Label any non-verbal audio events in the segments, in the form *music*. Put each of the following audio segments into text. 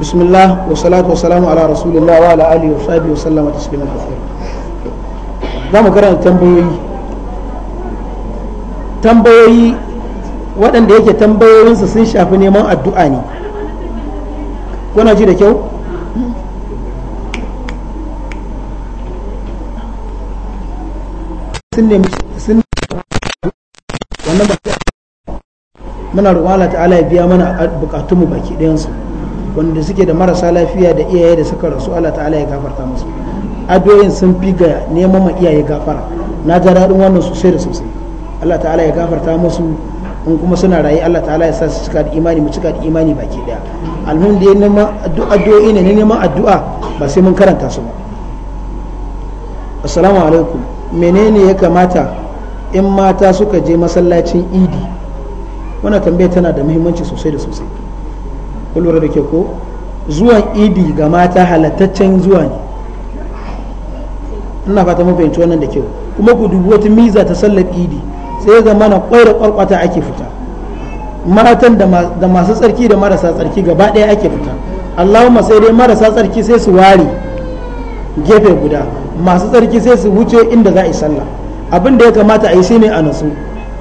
بسم الله والصلاة والسلام على رسول الله وعلى آله وصحبه وسلم تسليما za mu karanta tambayoyi waɗanda yake tambayoyinsa sun shafi neman addu'a ne kuna ji da kyau sun nemi sun wannan ba muna roƙon Allah ta'ala ya biya mana bukatunmu baki ɗayansu wanda suke da marasa lafiya da iyaye da suka rasu Allah ta'ala ya gafarta musu adoyin sun fi ga neman ma iyaye gafara na ga daɗin wannan sosai da sosai Allah ta'ala ya gafarta musu in kuma suna raye Allah ta'ala ya sa su cika da imani mu cika da imani baki daya almun da neman addu'o'i ne neman addu'a ba sai mun karanta su ba assalamu alaikum menene ya kamata in mata suka je masallacin idi wannan tambaya tana da muhimmanci sosai da sosai kulura da ke ko zuwan idi ga mata halattaccen zuwa ne ina fata mun fahimci wannan da kyau kuma ku dubi wata miza ta sallar idi sai ya zama na kwaira kwarkwata ake fita matan da masu tsarki da marasa tsarki gaba ɗaya ake fita allahumma sai dai marasa tsarki sai su ware gefe guda masu tsarki sai su wuce inda za a yi sallah abin da ya kamata a yi shi ne a nasu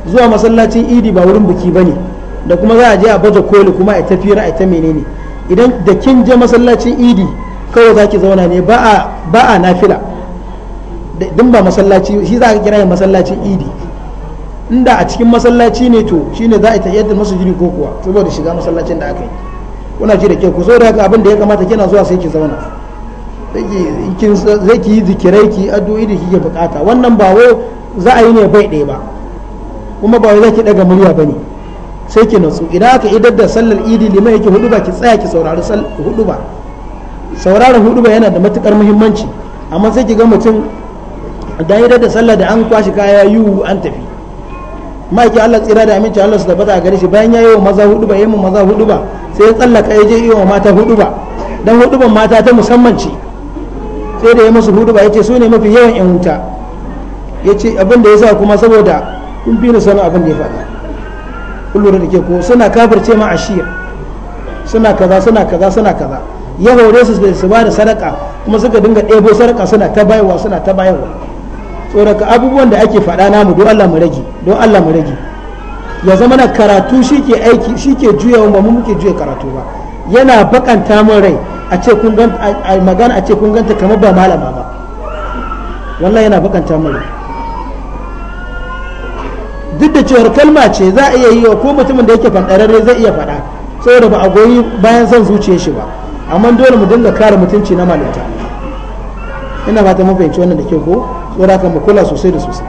zuwa masallacin idi ba wurin biki ba ne da kuma za a je a baje koli kuma a tafi a ta menene idan da kin je masallacin idi kawai za ki zauna ne ba a nafila din ba masallaci shi za a kira masallacin idi inda a cikin masallaci ne to shine za a ta yadda masujidi ko kuwa saboda shiga masallacin da aka yi kuna ji da ke ku saboda haka abin da ya kamata kina zuwa sai ki zauna zai ki yi zikirai ki addu'o'i da kike bukata wannan ba wai za a yi ne bai ɗaya ba kuma ba wai za ki daga murya ba ne sai ki natsu idan aka idar da sallar idi liman yake hudu ba ki tsaya ki saurari hudu ba sauraron hudu ba yana da matukar muhimmanci amma sai ki ga mutum da idar da sallar da an kwashi kaya yiwu an tafi ma'aikin Allah tsira da aminci Allah su tabbata a gare shi bayan ya yi wa maza hudu ba yi maza hudu ba sai ya tsallaka ya je yi wa mata hudu ba dan hudu ban mata ta musamman ce sai da ya musu hudu ba ya ce su ne mafi yawan yan wuta ya ce abin da ya sa kuma saboda kun fi ni sanin abin da ya faɗa kullum da ke ko suna kafirce ma ashir suna kaza suna kaza suna kaza ya haure su su ba da sadaka kuma suka dinga ɗebo sadaka suna ta bayarwa suna ta bayarwa tsoraka abubuwan da ake faɗa namu don Allah mu rage don Allah mu rage ya zama na karatu shike aiki shike juyawa ba mu muke juya karatu ba yana bakanta mun rai a ce kun ganta magana a ce kun ganta kamar ba malama ba wallahi yana bakanta mun rai duk da cewar kalma ce za a iya yi wa ko mutumin da yake fanɗararre zai iya faɗa saboda ba a goyi bayan son zuciya shi ba amma dole mu dinga kare mutunci na malinta ina fata mun fahimci wannan da ke ko tsora kan mu kula sosai da sosai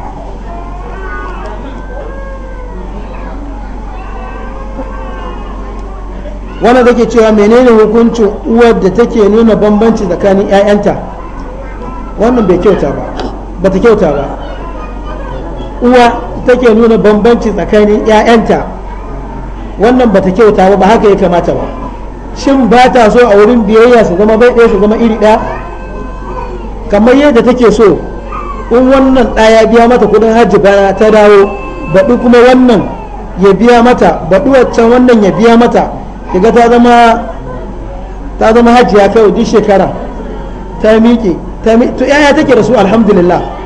wannan ke cewa menene hukuncin uwar da take nuna bambanci tsakanin 'ya'yanta wannan bai kyauta ba bata kyauta ba uwa take nuna bambanci tsakanin 'ya'yanta wannan ba bata kyauta ba ba haka ya kamata ba shin ba ta so a wurin biyayya su zama bai ɗaya su zama iri ɗaya kamar yadda take so in wannan ɗaya biya mata kudin hajji bana ta dawo baɗi kuma wannan ya biya mata baɗi waccan wannan ya biya mata kiga ta zama ta zama hajjiya kawai duk shekara ta miƙe to yaya take da su alhamdulillah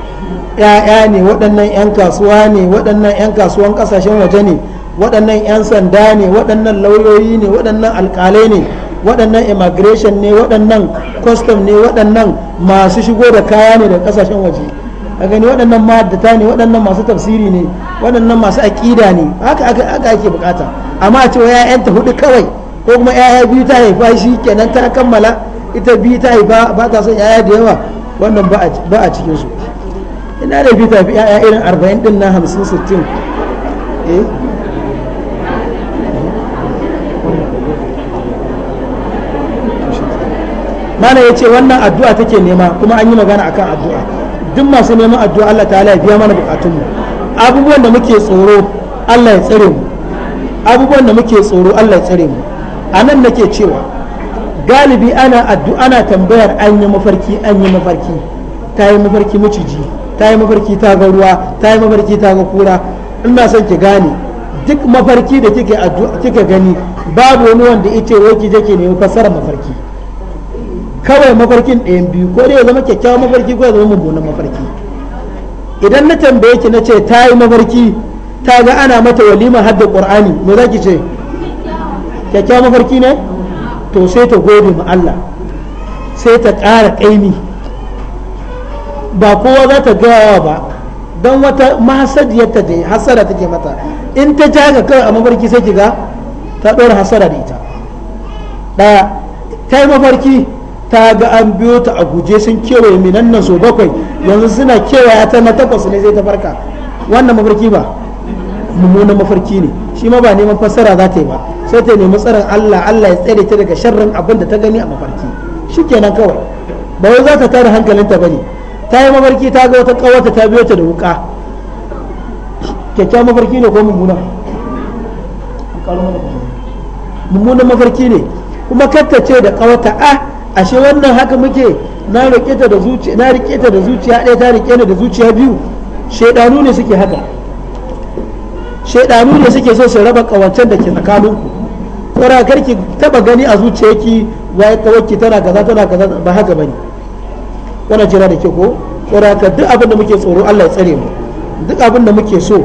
'ya'ya ne waɗannan 'yan kasuwa ne waɗannan 'yan kasuwan ƙasashen waje ne waɗannan 'yan sanda ne waɗannan lauyoyi ne waɗannan alƙalai ne waɗannan immigration ne waɗannan custom ne waɗannan masu shigo da kaya ne da ƙasashen waje a gani waɗannan ma'adata ne waɗannan masu tafsiri ne waɗannan masu aƙida ne haka ake bukata amma a cewa 'ya'yanta hudu kawai ko kuma 'ya'ya biyu ta haifa shi kenan ta kammala ita biyu ta haifa ba ta son 'ya'ya da yawa wannan ba a cikinsu ina da fi tafi yaya irin arba'in din na hamsin sittin eh? mana ya ce wannan addu'a take nema kuma an yi magana akan addu'a duk masu neman addu'a Allah ta ya biya mana bukatunmu abubuwan da muke tsoro Allah ya tsare mu abubuwan da muke tsoro Allah ya tsare mu a nan nake cewa galibi ana addu'a ana tambayar an yi mafarki an yi mafarki ta yi mafarki maciji ta yi mafarki ta ga ruwa ta yi mafarki ta ga kura ina son ki gane duk mafarki da kike gani babu wani wanda ita ki jake ne fassara mafarki kawai mafarkin ɗayan biyu ko dai ya zama kyakkyawan mafarki ko ya zama mummunan mafarki idan na tambaye ki na ce ta yi mafarki ta ga ana mata walima har da qur'ani me za ki ce kyakkyawan mafarki ne to sai ta gode ma Allah sai ta ƙara ƙaimi ba kowa za ta gawa ba don wata mahasadiyarta da hasara take mata in ta ja ga kawai a mafarki sai kiga ta ɗora hasara da ita ɗaya ta yi mafarki ta ga an biyo ta a guje sun kewaye minan nan so bakwai yanzu suna kewaye ta na takwas ne sai ta farka wannan mafarki ba mummunan mafarki ne shi ma ba neman fassara za ta yi ba sai ta nemi tsarin Allah Allah ya tsere ta daga sharrin abin da ta gani a mafarki shi shikenan kawai ba wai za ta tara hankalinta ne. ta yi mafarki ta ga wata kawata ta biyo ta da wuka kyakkyawan mafarki ne ko mummuna mummunan mafarki ne kuma kakka ce da kawata a ah, ashe wannan haka muke na rike ta da zuciya na ta da zuciya ɗaya ta rike ni da zuciya biyu shaidanu ne suke haka shaidanu ne suke so su raba kawancen da ke tsakaninku tsara karki taba gani a zuciyarki wai kawarki tana kaza tana kaza ba haka bane wannan jira da ke ko saboda haka duk abin da muke tsoro Allah ya tsare mu duk abin da muke so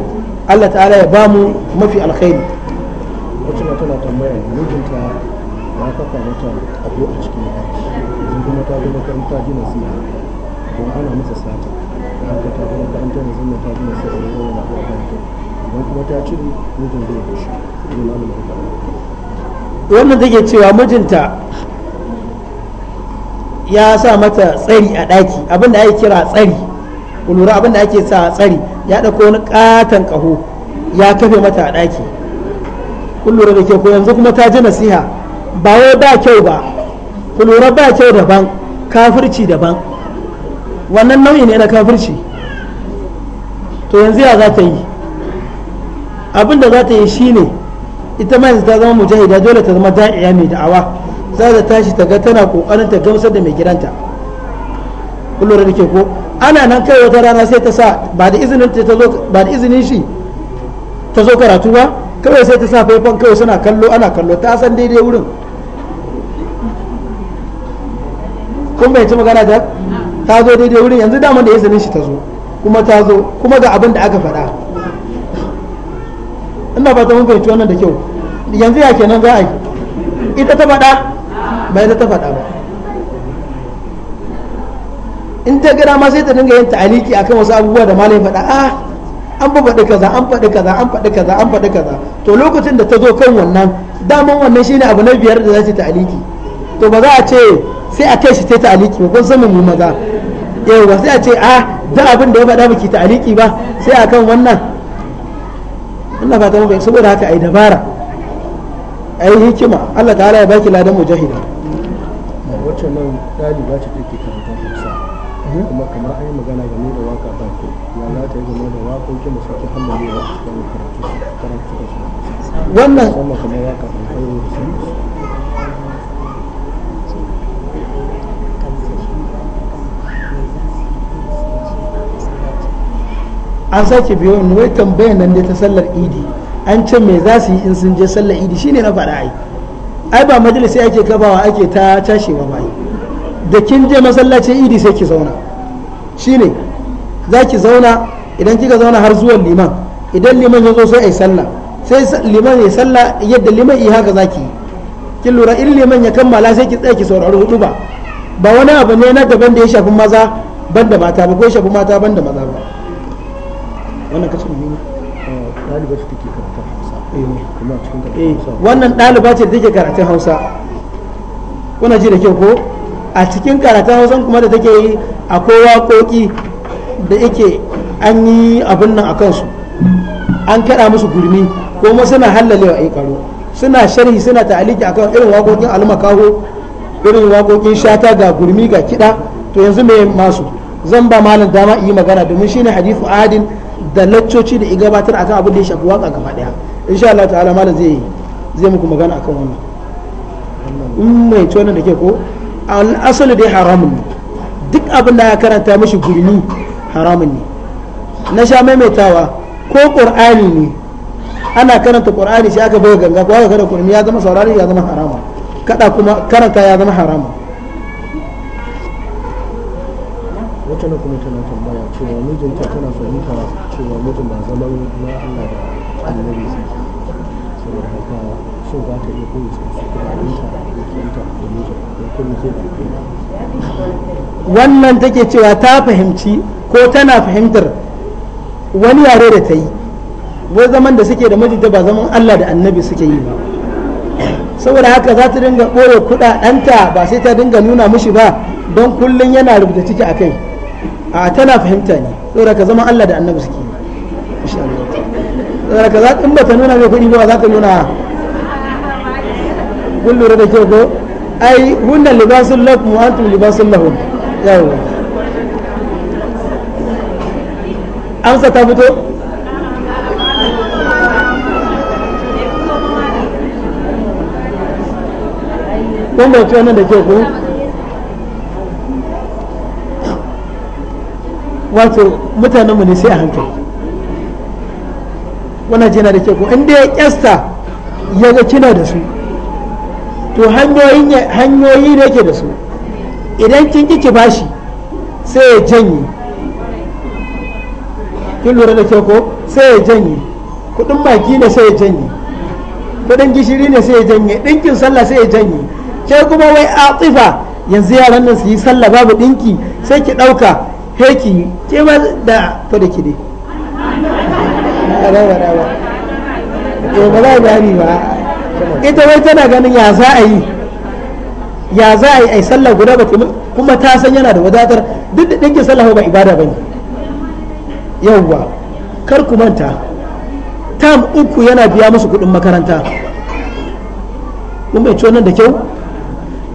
Allah ta'ala ya ba mu mafi alkhairi wacce na tana tambaya mijinta ya kafa mata abu a cikin aiki kuma ta zo makaranta don ana masa sata ta ta yawan abu a kanta kuma ta mijin zai bushe wannan take cewa mijinta ya sa mata tsari a ɗaki abinda ake kira tsari ku lura da ake sa tsari ya ɗauko wani ƙaton ƙaho ya kafe mata a ɗaki ku lura da ke ko yanzu kuma ta ji nasiha ba wai ba kyau ba ku lura ba kyau daban kafirci daban wannan nau'i ne na kafirci to yanzu ya za ta yi abinda za ta yi shine ita ma yanzu ta zama mujahida dole ta zama da'iya mai da'awa za ta tashi ta ga tana kokarin ta gamsar da mai gidanta kullum da ke ko ana nan kai wata rana sai ta sa ba da izinin ta zo ba da izinin shi ta zo karatu ba kawai sai ta sa faifan kawai suna kallo ana kallo ta san daidai wurin kun bai ci magana ta ta zo daidai wurin yanzu daman da izinin shi ta zo kuma ta zo kuma ga abin da aka faɗa ina ba ta mun fahimci wannan da kyau yanzu ya kenan za a yi ita ta faɗa bai ita ta faɗa ba in ta gada ma sai ta dinga yin ta'aliki akan wasu abubuwa da malin faɗa a ah, an ba faɗi kaza an faɗi kaza an faɗi kaza an faɗi kaza to lokacin da ta zo kan wannan daman wannan shine abu na biyar da za ta ta'aliki to ba za a ce sai a kai shi ta ta'aliki ba kun san mu maza yawa sai a ce a ah, da abin da ya faɗa baki ta'aliki ba sai akan wannan Allah fata mu bai saboda haka ai dabara ai hikima Allah ta'ala ya baki ladan mujahida wacce nan ɗaliba ce take karatun musa mhm. kuma kamar an yi magana game da waka ba ko ya za ta yi game da waƙoƙin da hannu hammalewa a cikin karatu karatu da su wannan kuma kamar waka ba ko an sake biyo ni wai tambayar nan dai ta sallar idi an ce me za su yi in sun je sallar idi shine na faɗa ai ai ba majalisi ake kafawa ake ta cashewa ba da kin je masallacin idi sai ki zauna shine za ki zauna idan kika zauna har zuwan liman idan liman ya zo sai ai sallah sai liman ya sallah yadda liman yi haka za ki yi kin lura in liman ya kammala sai ki tsaya ki saurari hudu ba ba wani abu ne na daban da ya shafi maza ban da mata ba ko ya shafi mata ban da maza ba wannan kacin ne eh, ɗalibar su take kan Eh, wannan ɗaliba ce da take karatun hausa kuna ji da kyau ko a cikin karatun hausa kuma da take yi akwai waƙoƙi da yake an yi abin nan a kansu an kaɗa musu gurmi kuma suna hallalewa a karo suna sharhi suna ta'aliki akan irin waƙoƙin almakaho irin waƙoƙin shata ga gurmi ga kiɗa to yanzu me masu zan ba malam dama yi magana domin shine hadithu adin da laccoci da igabatar akan abin da ya shafi waka gaba ɗaya insha Allah ta'ala malam zai yi zai muku magana akan wannan in mai tona da ke ko asali dai haramun ne duk abin da ya karanta mashi gurmi haramun ne na sha maimaitawa ko qur'ani ne ana karanta qur'ani sai aka bai ganga ko aka karanta qur'ani ya zama saurari ya zama harama kada kuma karanta ya zama harama wata na kuma tana tambaya cewa mijinta tana fahimta cewa mijin ba zaman na Allah ba annabi sun ke wannan take cewa ta fahimci ko tana fahimtar wani yare da ta yi wai zaman da suke da majidda ba zaman Allah da annabi suke yi ba saboda haka za ta dinga ɓoye kuɗaɗanta ba sai ta dinga nuna mushi ba don kullum yana rubuta ciki a kai a tana fahimta ne saboda ka zaman Allah da annabi suke yi ka za in baka nuna mai kuɗi ba za ka nuna kun lura da kyau ko ai hunna libasun lakum wa antum libasun lahum yawa amsa ta fito kun bauci wannan da kyau ko wato mutanenmu ne sai a hankali wannan jina da ke ko inda ya kyasta ya ga kina da su to hanyoyi ne ke da su idan kin ki ki bashi sai ya janye kin lura da ke ko sai ya janye kudin baki ne sai ya janye kudin gishiri ne sai ya janye dinkin sallah sai ya janye ke kuma wai atifa yanzu yaran nan su yi sallah babu dinki sai ki dauka heki ke ba da to da ki dai a warware ba za ba ita wai tana ganin ya za a yi ya za a yi ai sallah guda ba kuma ta san yana da wadatar duk da dinkin sallah ba ibada bane yawwa kar ku manta tam uku yana biya musu kudin makaranta kuma bai nan da kyau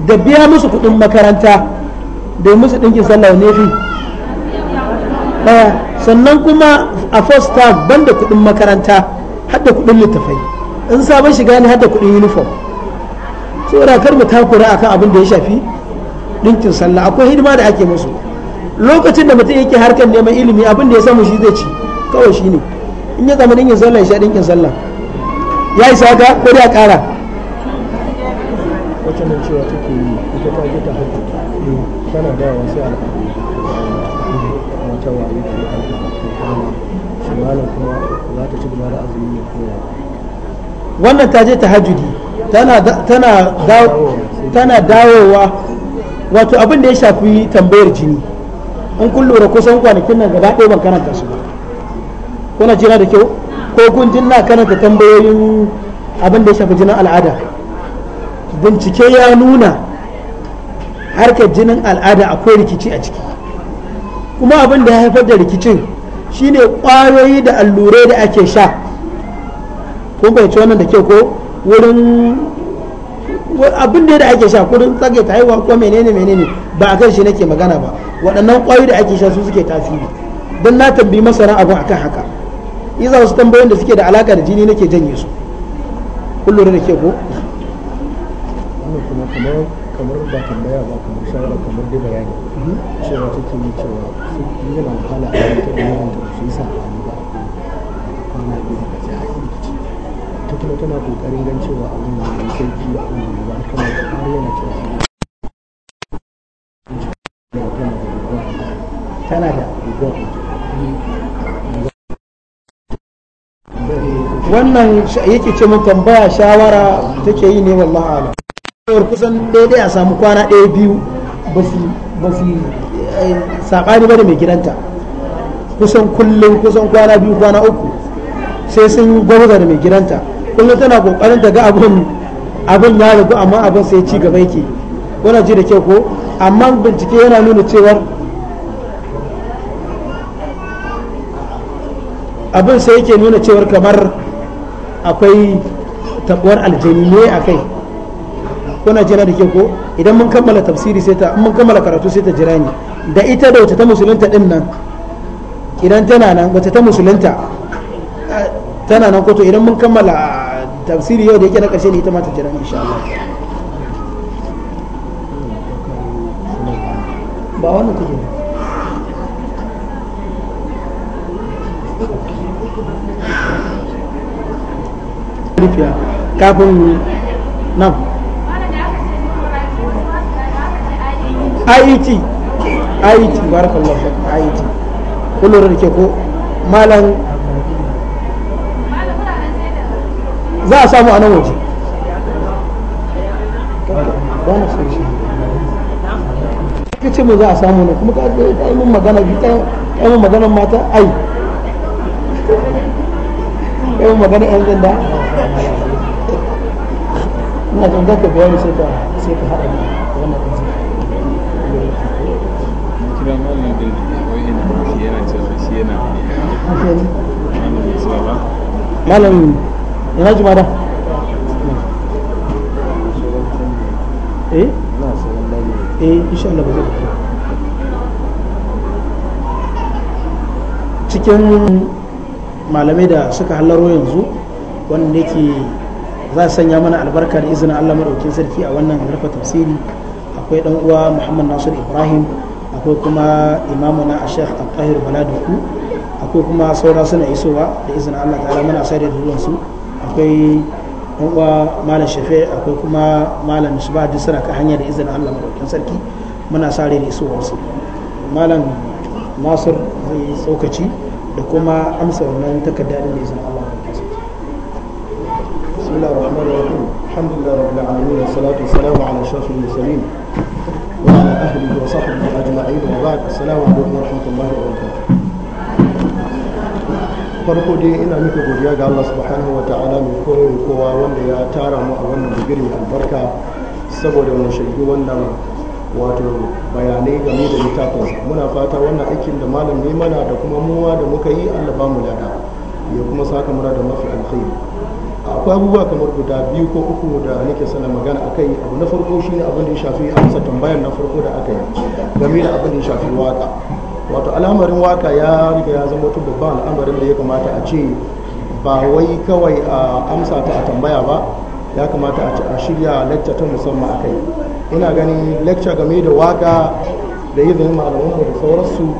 da biya musu kudin makaranta da musu dinkin sallah ne fi daya sannan kuma a first staff banda kuɗin makaranta hadda kuɗin littafai in sabon shiga ne hadda kuɗin uniform saboda kar mu takura akan abin da ya shafi ɗinkin sallah akwai hidima da ake musu lokacin da mutum yake harkar neman ilimi abin da ya samu shi zai ci kawai shi ne in ya zama dinkin sallah ya sha ɗinkin sallah ya isa saka ko da ƙara wacce nan cewa take yi ita ta ta hajji eh, tana da wasu al'adu wannan ta je tahajjudi tana tana dawowa wato abin da ya shafi tambayar jini in kun lura kusan kwanakin nan gaba ɗaya ban karanta su ba kuna jina da kyau ko kun jin na karanta tambayoyin abin da ya shafi jinin al'ada bincike ya nuna harkar jinin al'ada akwai rikici a ciki kuma abin da ya haifar da rikicin shine ƙwayoyi da allurai da ake sha ko bai ci wannan da kyau ko wurin abin da ake sha kudin tsage ta haihuwa ko menene menene ba a kan shi nake magana ba waɗannan ƙwayoyi da ake sha su suke tasiri don na tambayi masana abin akan haka iza wasu tambayoyin da suke da alaka da jini nake janye su kullum da ke ko kamar ba tambaya ba kamar shawara kamar dai bayani cewa take yi cewa yana wahala a yankin ta yankin da su yi sa ba a kwana biyu ta kuma tana kokarin gan cewa abin da mai sauki a abin da ba ta mata har yana cewa tana da wannan yake ce mun tambaya shawara take yi ne wallahi ala kawai kusan daidai a samu kwana ɗaya biyu ba su eh, saɓani ba da mai gidanta kusan kullum kusan kwana biyu kwana uku sai sun gwamza da mai gidanta kullum tana kokarin daga abun abin ya ragu amma abin sai ci gaba yake kuna ji da kyau ko amma bincike yana nuna cewar abin sai yake nuna cewar kamar akwai tabuwar aljani ne a kai kuna jira da ke ko idan mun kammala tafsiri sai ta mun kammala karatu sai ta jira ni da ita da wata ta musulunta din nan idan tana nan wata ta musulunta tana nan kotu idan mun kammala tafsiri yau da yake na karshe ne ita ma ta jira insha Allah ba wannan kuje ne rufiya kafin nan IET IET barakallahu IET kullum da ke ko malam za a samu a nan waje ka ce mu za a samu ne kuma ka ta yi mun magana bi ta yi mun maganar mata ai yi mun magana yan zanda ina zan zaka bayani sai ka sai ka haɗa wannan kira mallam malam ina jumada eh eh insha Allah ba zai cikin malamai da suka hallaro yanzu wanda yake za a sanya mana albarka da izinin Allah madaukin sarki a wannan harfa tafsiri akwai dan uwa Muhammad Nasir Ibrahim akwai kuma imamu na a Sheikh Al-Tahir Baladuku akwai kuma saura suna isowa da izinin Allah ta'ala muna sai da su akwai uwa malam shafe akwai kuma malam ba duk suna ka hanya da izinin allah madaukin sarki muna sa rai da isowarsu malam nasir zai tsokaci da kuma amsa wannan takarda da izinin allah madaukin sarki bismillah rahman rahim alhamdulillah rabbil alamin wassalatu wassalamu ala ashrafil mursalin wa ala ahlihi wa sahbihi ajma'in wa ba'd farko dai ina muka godiya ga Allah subhanahu wa ta'ala mai koyon kowa wanda ya tara mu a wannan digiri albarka saboda mu shaidu wannan wato bayanai game da littafin muna fata wannan aikin da malam ne mana da kuma muwa da muka yi Allah ba mu lada ya kuma saka muna da mafi alkhairi akwai abubuwa kamar guda biyu ko uku da nake sana magana a kai abu na farko shine abin da ya shafi amsa tambayar na farko da aka yi game da abin da ya shafi waka wato al'amarin waka ya riga ya zama wata babban al'amarin da ya kamata a ce ba wai kawai a amsa ta a tambaya ba ya kamata a a shirya lecture ta musamman a kai ina ganin lecture game da waka da izinin malamanmu da sauransu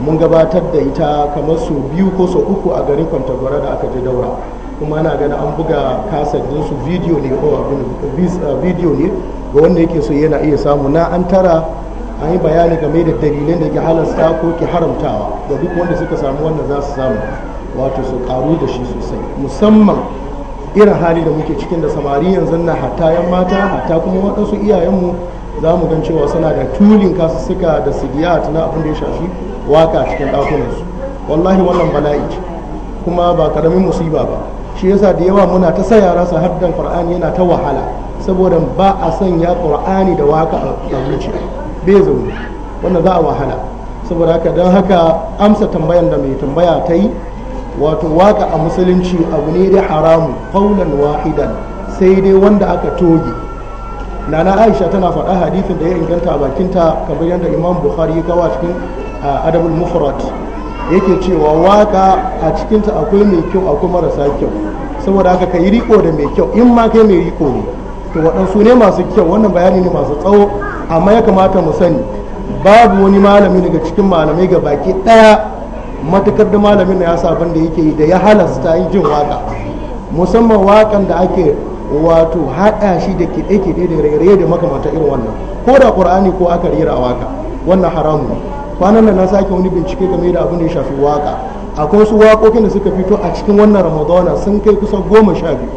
mun gabatar da ita kamar su biyu ko su uku a garin kwantagwara da aka je daura kuma ana gani an buga kasar su bidiyo ne ko oh, uh, uh, bidiyo ne ga wanda yake so yana iya samu na an tara an yi bayani game da dalilin da ke sa ko ke haramtawa da duk wanda suka samu wannan za su samu wato su karu da shi sosai musamman irin hali da muke cikin da samari yanzu na hatta yan mata hata kuma waɗansu iyayenmu za mu gan cewa suna da tulin kasu suka da a tuna abin da ya shafi waka cikin ɗakunansu wallahi wannan bala'i kuma ba karamin musiba ba shi yasa da yawa muna ta sa yara su dan qur'ani yana ta wahala saboda ba a sanya qur'ani da waka a zuciya bai zaune wanda za a wahala saboda haka don haka amsa tambayan da mai tambaya ta yi wato waka a musulunci abu ne da haramu kaulan wahidan sai dai wanda aka toge nana aisha tana faɗa hadisin da ya inganta a bakinta kamar yadda imam bukhari ya kawo cikin ah, adabul mufrat yake cewa waka a cikinta akwai mai kyau akwai marasa kyau saboda haka ka yi riko da mai kyau in ma kai mai riko ne to waɗansu ne masu kyau wannan bayani ne masu tsawo amma ya kamata mu sani babu wani malami daga cikin malamai ga baki ɗaya matakar da malamin na ya saban da yake yi da ya halasta yi jin waka musamman wakan da ake wato haɗa shi da kiɗe-kiɗe da rairaye da makamata irin wannan ko da ƙur'ani ko aka rera a waka wannan haramu ne kwanan nan na sake wani bincike game da abin da ya shafi waka akwai wasu waƙoƙin da suka fito a cikin wannan ramadana sun kai kusa goma sha biyu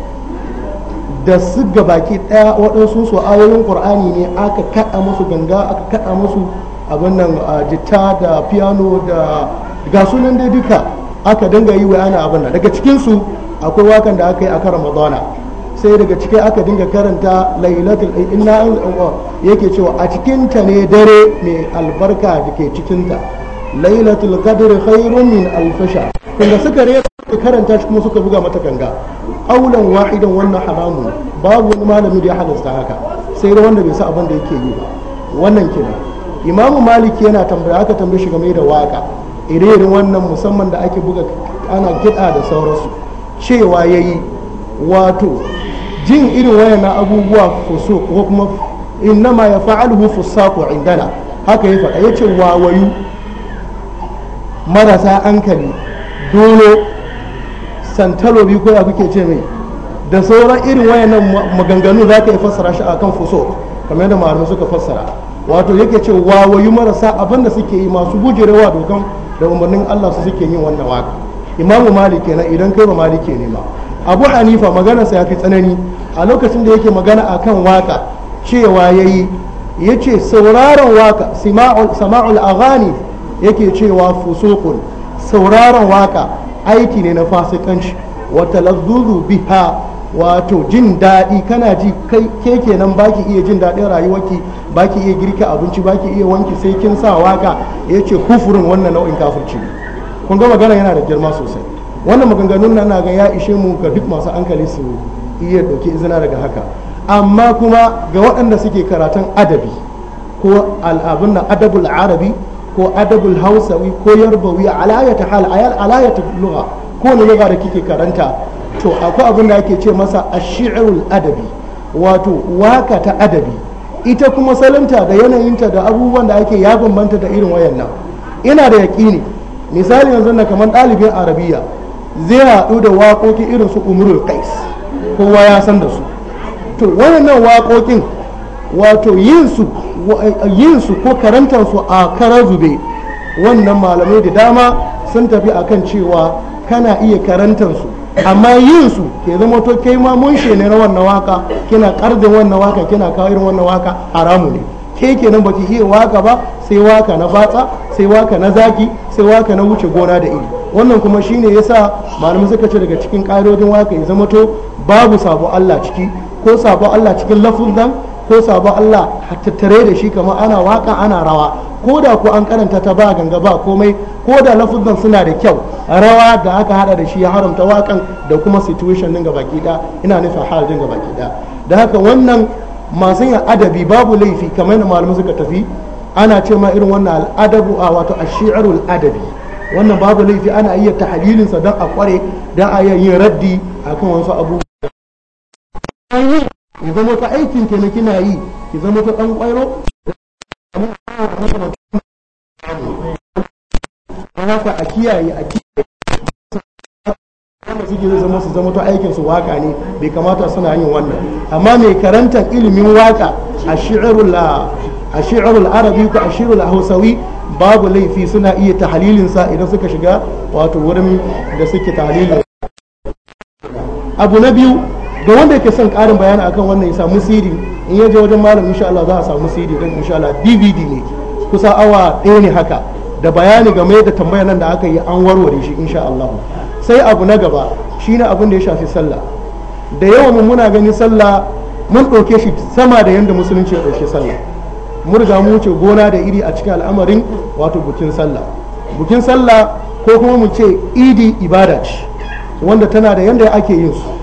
da su ga baki ɗaya waɗansu su ayoyin ƙur'ani ne aka kaɗa musu ganga aka kaɗa musu abin nan jita da piano da ga sunan dai duka aka dinga yi wa ana abin nan daga cikinsu akwai wakan da aka yi a aka ramadana sai daga cikin aka dinga karanta lailatul inna yake cewa a cikinta ne dare mai albarka da ke cikinta lailatul qadr khairun min alfasha inda suka rera karanta shi kuma suka buga mata kanga aulan wahidan wannan haramu babu wani malami da ya halasta haka sai da wanda bai sa abin da yake yi ba wannan kenan imamu maliki yana tambaya aka tambaye shi game da waka ire wannan musamman da ake buga ana kiɗa da sauransu cewa yayi wato jin irin wayana abubuwa fuso ko kuma innama ya fa'aluhu fusaku indana haka ya faɗa ya ce wawayu marasa hankali santalo santalobi ko ya kuke ce mai da sauran irin wayannan maganganu za ka yi fassara shi akan fuso kamar yadda malamai suka fassara wato yake ce wawayu marasa abin da suke yi masu bujirewa dokan da umarnin Allah su suke yin wannan waka imamu malik kenan idan kai ba malik ne ma abu hanifa maganarsa ya fi tsanani a lokacin da yake magana akan waka cewa yayi yace sauraron waka sama'ul aghani yake cewa fusuqun sauraron waka aiki ne na fasikanci wata lazzuzu biha wato jin daɗi kana ji keke nan baki iya jin daɗin rayuwarki baki iya girka abinci baki iya wanki sai kin sa waka ya ce kufurin wannan nau'in kafirci kun ga magana yana da girma sosai wannan maganganun nan na ga ya ishe mu ga duk masu hankali su iya ɗauki izina daga haka amma kuma ga waɗanda suke karatun adabi ko al'abun na adabul arabi ko adabul hausawi ko yarbawi alayata hal ayal alayata lugha ko ne lugha da kike karanta to akwai abin da ake ce masa ash-shi'rul adabi wato waka ta adabi ita kuma salanta da yanayinta da abubuwan da ake ya bambanta da irin wayannan ina da yaƙini misali yanzu na kamar ɗalibin arabiya zai haɗu da waƙoƙi irin su umrul qais kowa ya san da su to wayannan waƙoƙin wato yin su ko karantar su a karar zube wannan malamai da dama sun tafi akan cewa kana iya karantar su amma yin su ke zama to kai ma mun ne na wannan waka kina kardin wannan waka kina kawo irin wannan waka haramu ne ke kenan baki iya waka ba sai waka na batsa sai waka na zaki sai waka na wuce gona da iri wannan kuma shine yasa malamai suka ce daga cikin ƙa'idodin waka ya zama to babu sabo Allah ciki ko sabo Allah cikin lafuzan ko sabo Allah tattare da shi kamar ana waka ana rawa ko da ko an karanta ta ba ganga ba komai ko da lafuzan suna da kyau rawa da aka hada da shi ya haramta wakan da kuma situation din gaba da ina nufin hal din gaba da da haka wannan masu yin adabi babu laifi kamar da malamai suka tafi ana ce ma irin wannan al'adabu a wato ashirul adabi wannan babu laifi ana iya sa dan a kware dan a yin raddi akan wasu abubuwa ya zama ta aikin kenan kina yi ki zama ta dan kwairo haka a kiyaye a kiyaye suke zai zama su zama ta aikin su waka ne bai kamata suna yin wannan amma mai karantar ilimin waka a shi'arul arabi ko a shi'arul hausawi babu laifi suna iya tahalilinsa idan suka shiga wato wurin da suke tahalilin abu na biyu da wanda yake son karin bayani akan wannan ya samu siri in ya je wajen malam insha Allah za a samu siri don insha Allah dvd ne kusa awa ɗaya ne haka da bayani game da tambayar nan da aka yi an warware shi insha Allah sai abu na gaba shine abin da ya shafi sallah da yawa mun muna gani sallah mun ɗauke shi sama da yadda musulunci ya ɗauke sallah mun riga mu wuce gona da iri a cikin al'amarin wato bukin sallah bukin sallah ko kuma mu ce idi ibada ce wanda tana da yadda ake yin su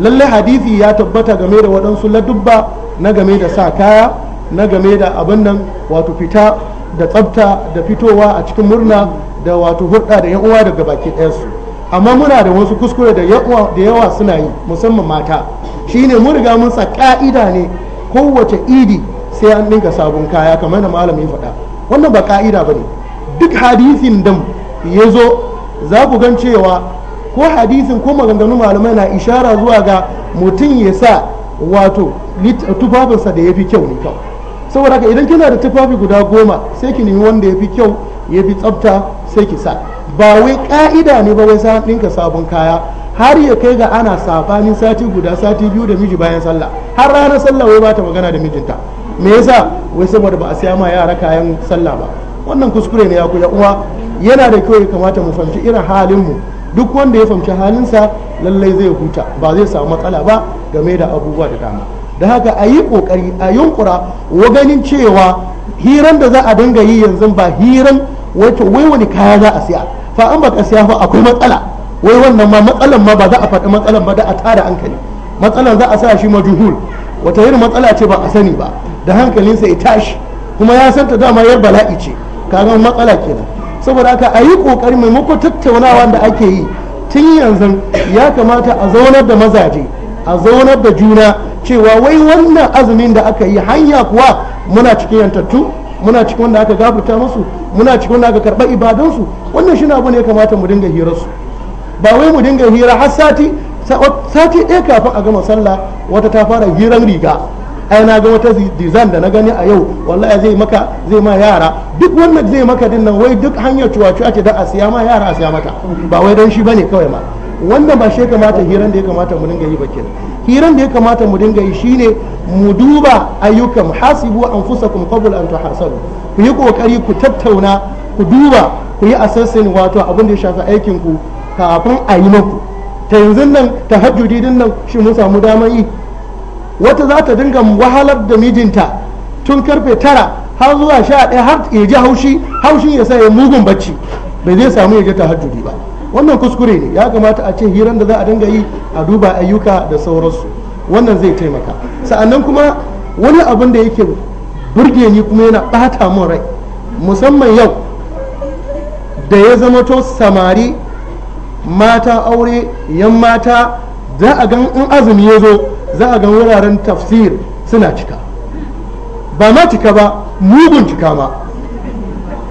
Lallai hadisi ya tabbata game da waɗansu ladubba na game da sa kaya na game da abin nan wato fita da tsabta da fitowa a cikin murna da wato hurɗa da yan daga baki ɗayansu amma muna da wasu kuskure da yawa suna yi musamman mata shine mun riga mun sa ka'ida ne kowace idi sai an dinga sabon kaya kamar da malam ya faɗa wannan ba ka'ida ba ne duk hadisin da ya zo za ku gan cewa ko hadisin ko maganganu malamai na ishara zuwa ga mutum ya sa wato tufafinsa da ya fi kyau ne kyau saboda haka idan kina da tufafi guda goma sai ki nemi wanda ya fi kyau ya fi tsafta sai ki sa ba wai ka'ida ne ba wai sa sabon kaya har ya kai ga ana safanin sati guda sati biyu da miji bayan sallah har ranar sallah wai bata magana da mijinta me yasa wai saboda ba a siya ma yara kayan sallah ba wannan kuskure ne ya ku uwa yana da kyau ya kamata mu fahimci irin halin mu duk wanda ya fahimci halinsa lallai zai huta ba zai samu matsala ba game da abubuwa da dama da haka a yi kokari a yunkura wa ganin cewa hiran da za a dinga yi yanzu ba hiran wato wai wani kaya za a siya fa an baka siya fa akwai matsala wai wannan ma matsalan ma ba za a faɗi matsalan ba da a tara hankali matsalan za a sa shi majuhul wata irin matsala ce ba a sani ba da hankalinsa ya tashi kuma ya santa dama yar bala'i ce kaga matsala kenan saboda aka a yi ƙoƙari maimakon tattaunawa da ake yi tun yanzu ya kamata a zaunar da mazaje a zaunar da juna cewa wai wannan azumin da aka yi hanya kuwa muna cikin yantattu muna cikin wanda aka gafarta musu muna cikin wanda aka karɓa ibadansu wannan shi abu ne ya kamata mu dinga hirar su ba wai mu dinga hira har sati sati ɗaya kafin a gama sallah wata ta fara hirar riga ai na ga wata design da na gani a yau wallahi zai maka zai ma yara duk wannan zai maka din nan wai duk hanyar cuwa-cuwa ce da a siya ma yara a siya mata ba wai dan shi bane kawai ma wannan ba shi kamata hiran da ya kamata mu dinga yi ba kenan hiran da ya kamata mu dinga yi shine mu duba ayyukan hasibu anfusakum qabla an tuhasabu ku yi kokari ku tattauna ku duba ku yi assessing wato abin da ya shafi aikin ku kafin a yi maku ta yanzu nan tahajjudi din nan shi mu samu damar yi wata za ta dinga wahalar da mijinta tun karfe tara har zuwa sha ɗaya har ya ji haushi haushin ya sa ya mugun bacci bai zai samu ya ji hajjudi ba wannan kuskure ne ya kamata a ce hiran da za a dinga yi a duba ayyuka da sauransu wannan zai taimaka sa'annan kuma wani abin da yake burge ni kuma yana ɓata min rai musamman yau da ya zama to samari mata aure yan mata za a gan in azumi ya zo za a ga wuraren tafsir suna cika ba ma cika ba mugun cika ma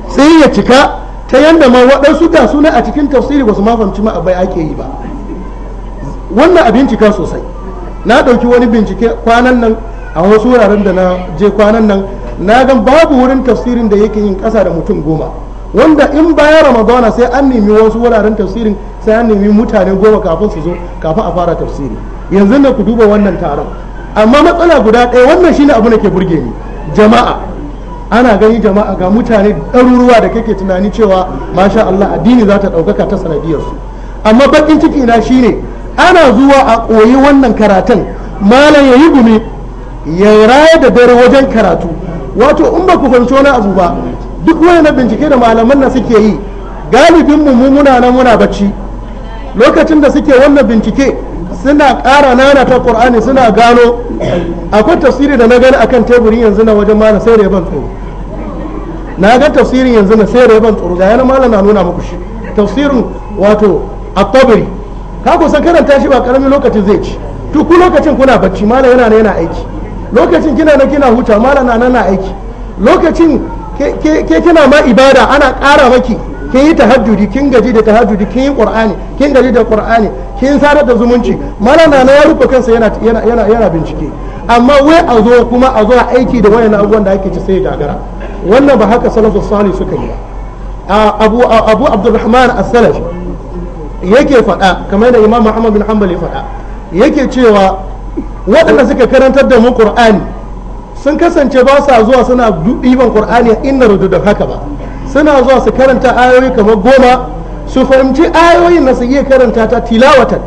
sai ya cika ta yadda ma waɗansu da suna a cikin tafsiri ba su ma fahimci ma abai ake yi ba wannan abin cika sosai na ɗauki wani bincike kwanan nan a wasu wuraren da na je kwanan nan na gan babu wurin tafsirin da yake yin ƙasa da mutum goma wanda in baya ramadana sai an nemi wasu wuraren tafsirin sai an nemi mutane goma kafin su zo kafin a fara tafsiri yanzu na ku duba wannan taron amma matsala guda ɗaya wannan shine abu da ke burge ni jama'a ana gani jama'a ga mutane ɗaruruwa da kake tunani cewa masha Allah addini za ta ɗaukaka ta su amma bakin ciki na shine ana zuwa a koyi wannan karatun malam ya yi gumi ya raya da dare wajen karatu wato in ba ku fahimci wani abu ba duk wani na bincike da malaman na suke yi galibin mu muna nan muna bacci lokacin da suke wannan bincike suna ƙara nana ta ƙur'ani suna gano akwai tafsiri da na gani akan teburi yanzu na wajen mana sai da ban tsoro na ga tafsirin yanzu na sai da ban tsoro ga yana malam na nuna muku shi tafsirin wato at-tabari ka san karanta shi ba karamin lokacin zai ci to ku lokacin kuna bacci malam yana yana aiki lokacin kina na kina huta malam na nan na aiki lokacin ke kina ma ibada ana ƙara maki kin yi tahajjudi kin gaji da tahajjudi kin yi qur'ani kin gaji da qur'ani kin sarar da zumunci malama na ya rufe kansa yana yana yana bincike amma wai a zo kuma a zo aiki da wayannan abubuwan da ake ci sai gagara wannan ba haka salafu salih suka yi ba abu abu abdurrahman as-salaf yake faɗa kamar da imam muhammad bin hanbal ya faɗa yake cewa waɗanda suka karantar da mu qur'ani sun kasance ba sa zuwa suna duban qur'ani inna rudu da haka ba suna zuwa su karanta ayoyi kamar goma su fahimci ayoyin na su iya karanta ta tilawatan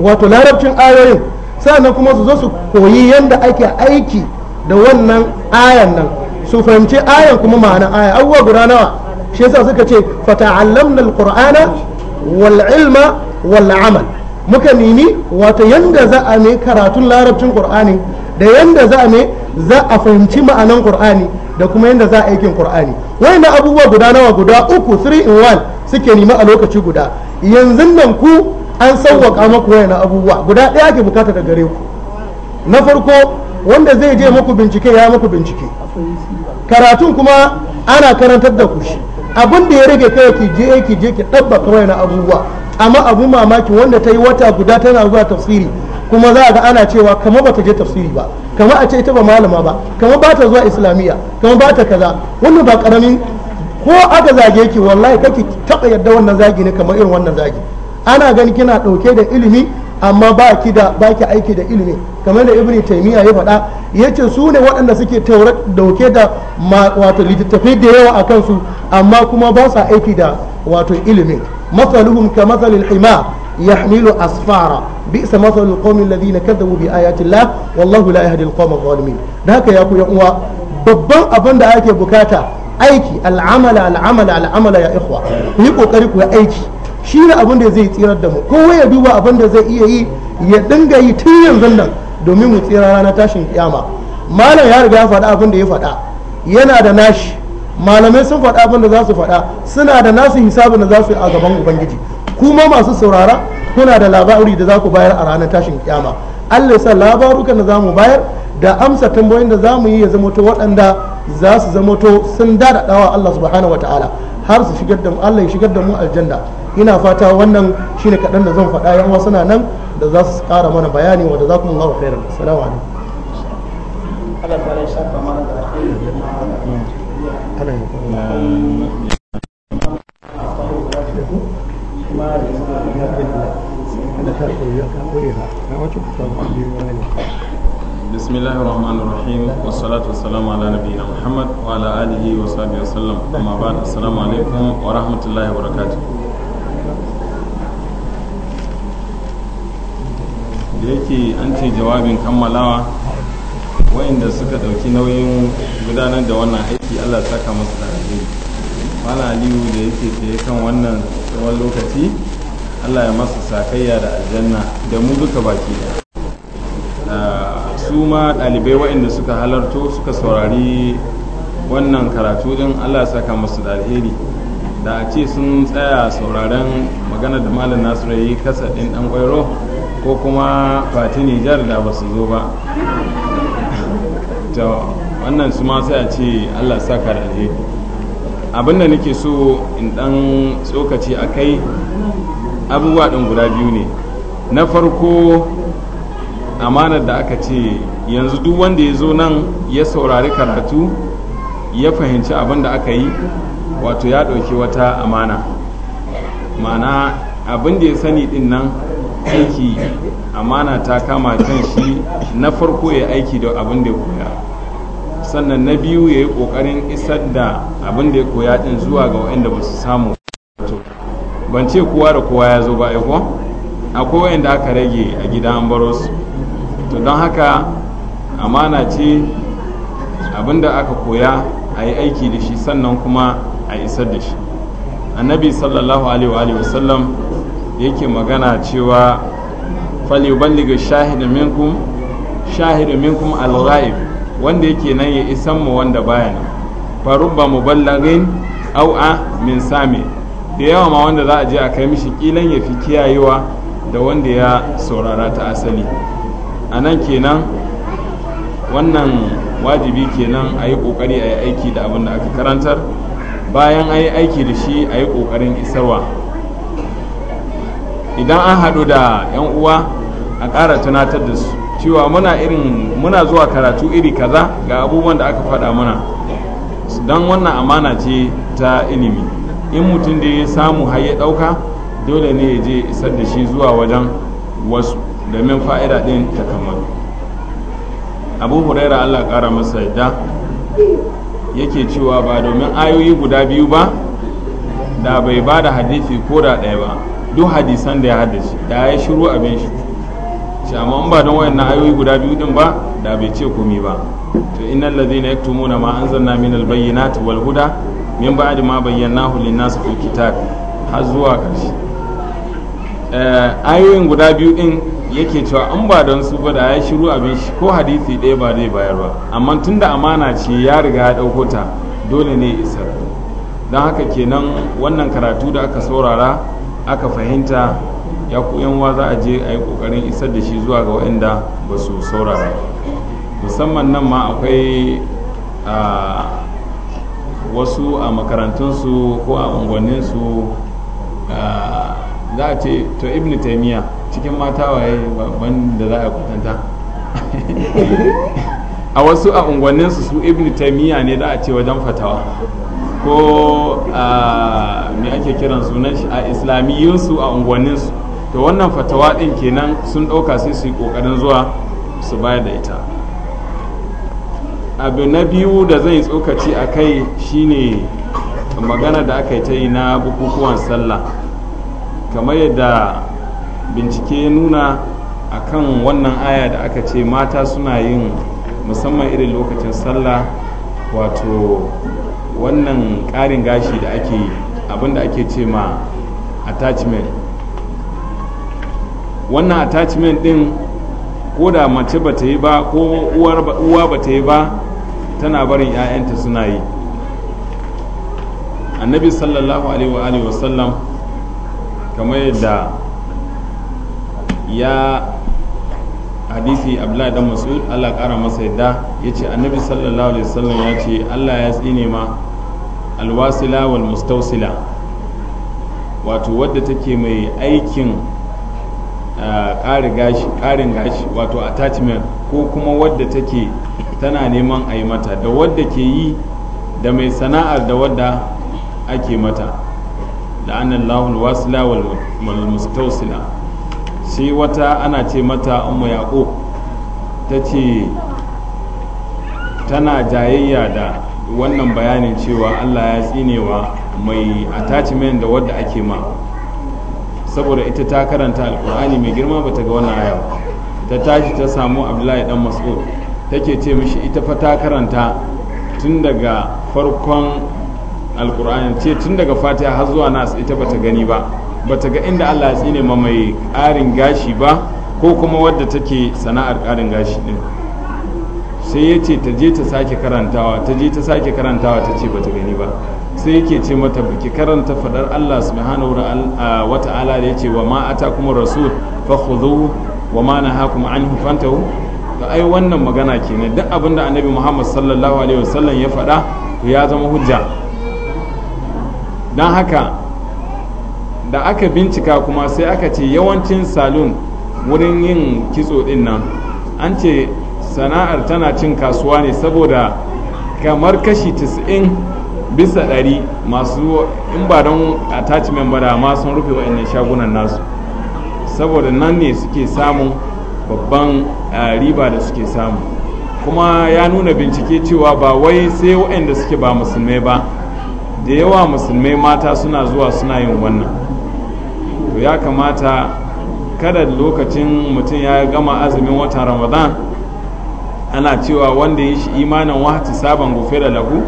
wato larabcin ayoyin sannan kuma su zo su koyi yadda ake aiki da wannan ayan nan su fahimci ayan kuma ma'ana aya abubuwa guda nawa shi yasa suka ce fata'allamna alqur'ana wal ilma wal amal muka nini wato yanda za a ne karatun larabcin qur'ani da yanda za a ne za a fahimci ma'anan qur'ani da kuma yadda za a aikin qur'ani wayannan abubuwa guda nawa guda uku 3 in 1 suke nima a lokaci guda yanzu nan ku an sauwaka maku wayannan abubuwa guda ɗaya ake bukata da gare ku na farko wanda zai je muku bincike ya muku bincike karatun kuma ana karantar da ku shi abin da ya rage kai ki je ki je ki dabba kawai na abubuwa amma abu mamaki wanda ta yi wata guda tana zuwa tafsiri kuma za a ga ana cewa kamar bata je tafsiri ba kamar a ce ita ba malama ba kamar ba ta zuwa islamiyya kamar ba ta kaza wannan ba karamin ko aka zage ki wallahi kake taba yadda wannan zagi ne kamar irin wannan zagi ana gani kina dauke da ilimi amma ba ki da ba ki aiki da ilimi kamar da ibnu taymiya ya faɗa yace su ne waɗanda suke taurat dauke da wato littattafai da yawa akan su amma kuma ba sa aiki da wato ilimi mathaluhum ka mathalil himar يحمل أصفارا بئس مثل القوم الذين كذبوا بآيات الله والله لا يهدي القوم الظالمين ذاك يا أخو يا babban abin da ake bukata aiki al'amala al'amala al'amala ya ikhwa ku yi kokari ku aiki shi ne abin da zai tsirar da mu kowa ya duba abin da zai iya yi ya dinga yi tun yanzu nan domin mu tsira ranar tashin kiyama malam ya riga ya faɗa abin da ya faɗa yana da nashi malamai sun faɗa abin da za su faɗa suna da nasu hisabin da za su yi a gaban ubangiji kuma masu saurara kuna da labari da za ku bayar a ranar tashin kiyama allah sa labarukan da za mu bayar da amsa tambayoyin da za mu yi ya to waɗanda za su to sun daɗaɗawa allah subhanahu wa ta'ala har su shigar da mu allah ya shigar da mu aljanna ina fata wannan shine kaɗan da zan faɗa yan suna nan da za su ƙara mana bayani wanda za ku mun hawa khairan assalamu alaikum hana ne بسم الله الرحمن الرحيم والصلاة والسلام على نبينا محمد وعلى آله وصحبه وسلم أما بعد السلام عليكم ورحمة الله وبركاته da yake an ce jawabin kammalawa wayanda suka dauki nauyin gudanar da wannan aiki Allah saka masu da alheri malam aliyu da yake tsaye kan wannan tsawon lokaci Allah ya masa sakayya da aljanna da mu duka baki da ah, su ma ɗalibai waɗanda suka halarto suka saurari wannan karatu din Allah saka masu da da a ce sun tsaya sauraren magana da malam nasiru kasa ɗin ɗan ƙwairo ko kuma fati nijar da ba su zo ba kyakkyawa wannan su ma sai a ce allah saka da abinda nake so in dan tsokaci a kai abubuwa ɗin guda biyu ne na farko amanar da aka ce yanzu duk wanda ya zo nan ya saurari karatu ya fahimci abin da aka yi wato ya ɗauki wata amana ma'ana abin da ya sani ɗin nan aiki amana ta kama kan shi na farko ya aiki da abin da ya koya sannan na biyu ya yi ƙoƙarin isar da abin da ya koya ɗin zuwa ga wa'inda ba su samu ban ce kowa da kowa ya zo ba aiko akwai waɗanda aka rage a gida an baro su to don haka amana ce abin da aka koya a yi aiki da shi sannan kuma a isar da shi annabi sallallahu alaihi wa sallam yake magana cewa falyuballighu shahidu minkum shahidu minkum al-ghaib wanda yake nan ya isan mu wanda baya nan farubba muballagin aw a min sami da yawa ma wanda za a je a kai mishi kilan ya fi kiyayewa da wanda ya saurara ta asali a nan kenan wannan wajibi kenan a yi kokari a yi aiki da abin da aka karantar bayan a yi aiki da shi a yi kokarin isarwa idan an haɗu da 'yan uwa a ƙara tunatar da su cewa muna irin muna zuwa karatu iri kaza ga abubuwan da aka faɗa mana don wannan amana ce ta ilimi in mutum da ya samu har ya ɗauka dole ne ya je isar da shi zuwa wajen wasu domin fa'ida ɗin ta kammalu abu huraira allah ƙara masa yadda yake cewa ba domin ayoyi guda biyu ba da bai ba da hadithi ko da ɗaya ba duk hadisan da ya haddace da ya shiru abin shi shi amma ba don na ayoyi guda biyu din ba da bai ce komi ba to innal ladhina yaktumuna ma anzalna minal ta wal huda min ba'di ma bayyanahu lin-nasi fil kitab har zuwa ƙarshe eh, ayoyin guda biyu din yake cewa an ba don su ba da ya shiru abin shi ko hadisi ɗaya ba zai bayar ba amma tunda amana ce ya riga ya ɗauko ta dole ne isar don haka kenan wannan karatu da aka saurara aka fahimta ya ku yanwa za a je a yi kokarin isar da shi zuwa ga waɗanda ba su saurara musamman nan ma akwai a wasu a makarantunsu ko a unguwanninsu za a ce to ibn taimiyya cikin mata waye babban da za a kwatanta *laughs* a wasu a unguwanninsu su ibn taimiyya ne za a ce wajen fatawa ko me ake kiran sunan shi a islamiyyunsu a unguwanninsu to wannan fatawa ɗin kenan sun ɗauka sai su yi ƙoƙarin zuwa su bayar da ita abu na biyu da zai tsokaci a kai shine magana da aka yi ta yi na bukukuwan sallah kamar yadda bincike ya nuna a kan wannan aya da aka ce mata suna yin musamman irin lokacin sallah wato wannan ƙarin gashi da ake abinda ake ce ma attachment wannan attachment din ko da mace ba ta yi ba ko uwa ba ta yi ba tana barin 'ya'yanta suna yi annabi sallallahu alaihi wasallam kamar yadda ya hadisi abdullahi dan mas'ud Allah kara masa yadda yace annabi sallallahu alaihi wasallam ya ce Allah ya tsine ma alwasila wal mustausila wato wadda take mai aikin karin gashi wato attachment ko kuma wadda take tana neman a yi mata da wadda ke yi da mai sana'ar da wadda ake mata lahun wasila wal mustausila sai wata ana ce mata ummu yaƙo ta ce tana jayayya da wannan bayanin cewa allah ya tsinewa mai attachment da wadda ake ma saboda ita ta karanta alkur'ani mai girma ba ta ga wannan aya ta tashi ta samu abdullahi dan mas'ud take ce mishi ita fa ta karanta tun daga farkon alkur'ani ce tun daga fatiha har zuwa nas ita ba ta gani ba bata ga inda Allah ya tsine ma mai ƙarin gashi ba ko kuma wadda take sana'ar ƙarin gashi din sai ya ce ta je ta sake karantawa ta je ta sake karantawa ta ce bata gani ba sai yake ce mata baki karanta fadar Allah subhanahu wa ta'ala da yace wa ma kuma rasul fakhudhuhu wa ma nahakum anhu fantahu to ai wannan magana kenan duk abinda annabi Muhammad sallallahu alaihi wasallam ya faɗa to ya zama hujja dan haka da aka bincika kuma sai aka ce yawancin salon wurin yin kitso din nan an ce sana'ar tana cin kasuwa ne saboda kamar kashi 90 bisa ɗari masu in ba don attachment ba da ma sun rufe wa'annan shagunan nasu saboda nan ne suke samun babban riba da suke samu kuma ya nuna bincike cewa ba wai sai waɗanda suke ba musulmai ba da yawa musulmai mata suna zuwa suna yin wannan to ya kamata kada lokacin mutum ya gama azumin watan ramadan ana cewa wanda ya shi imanin wahati saban gufe da lahu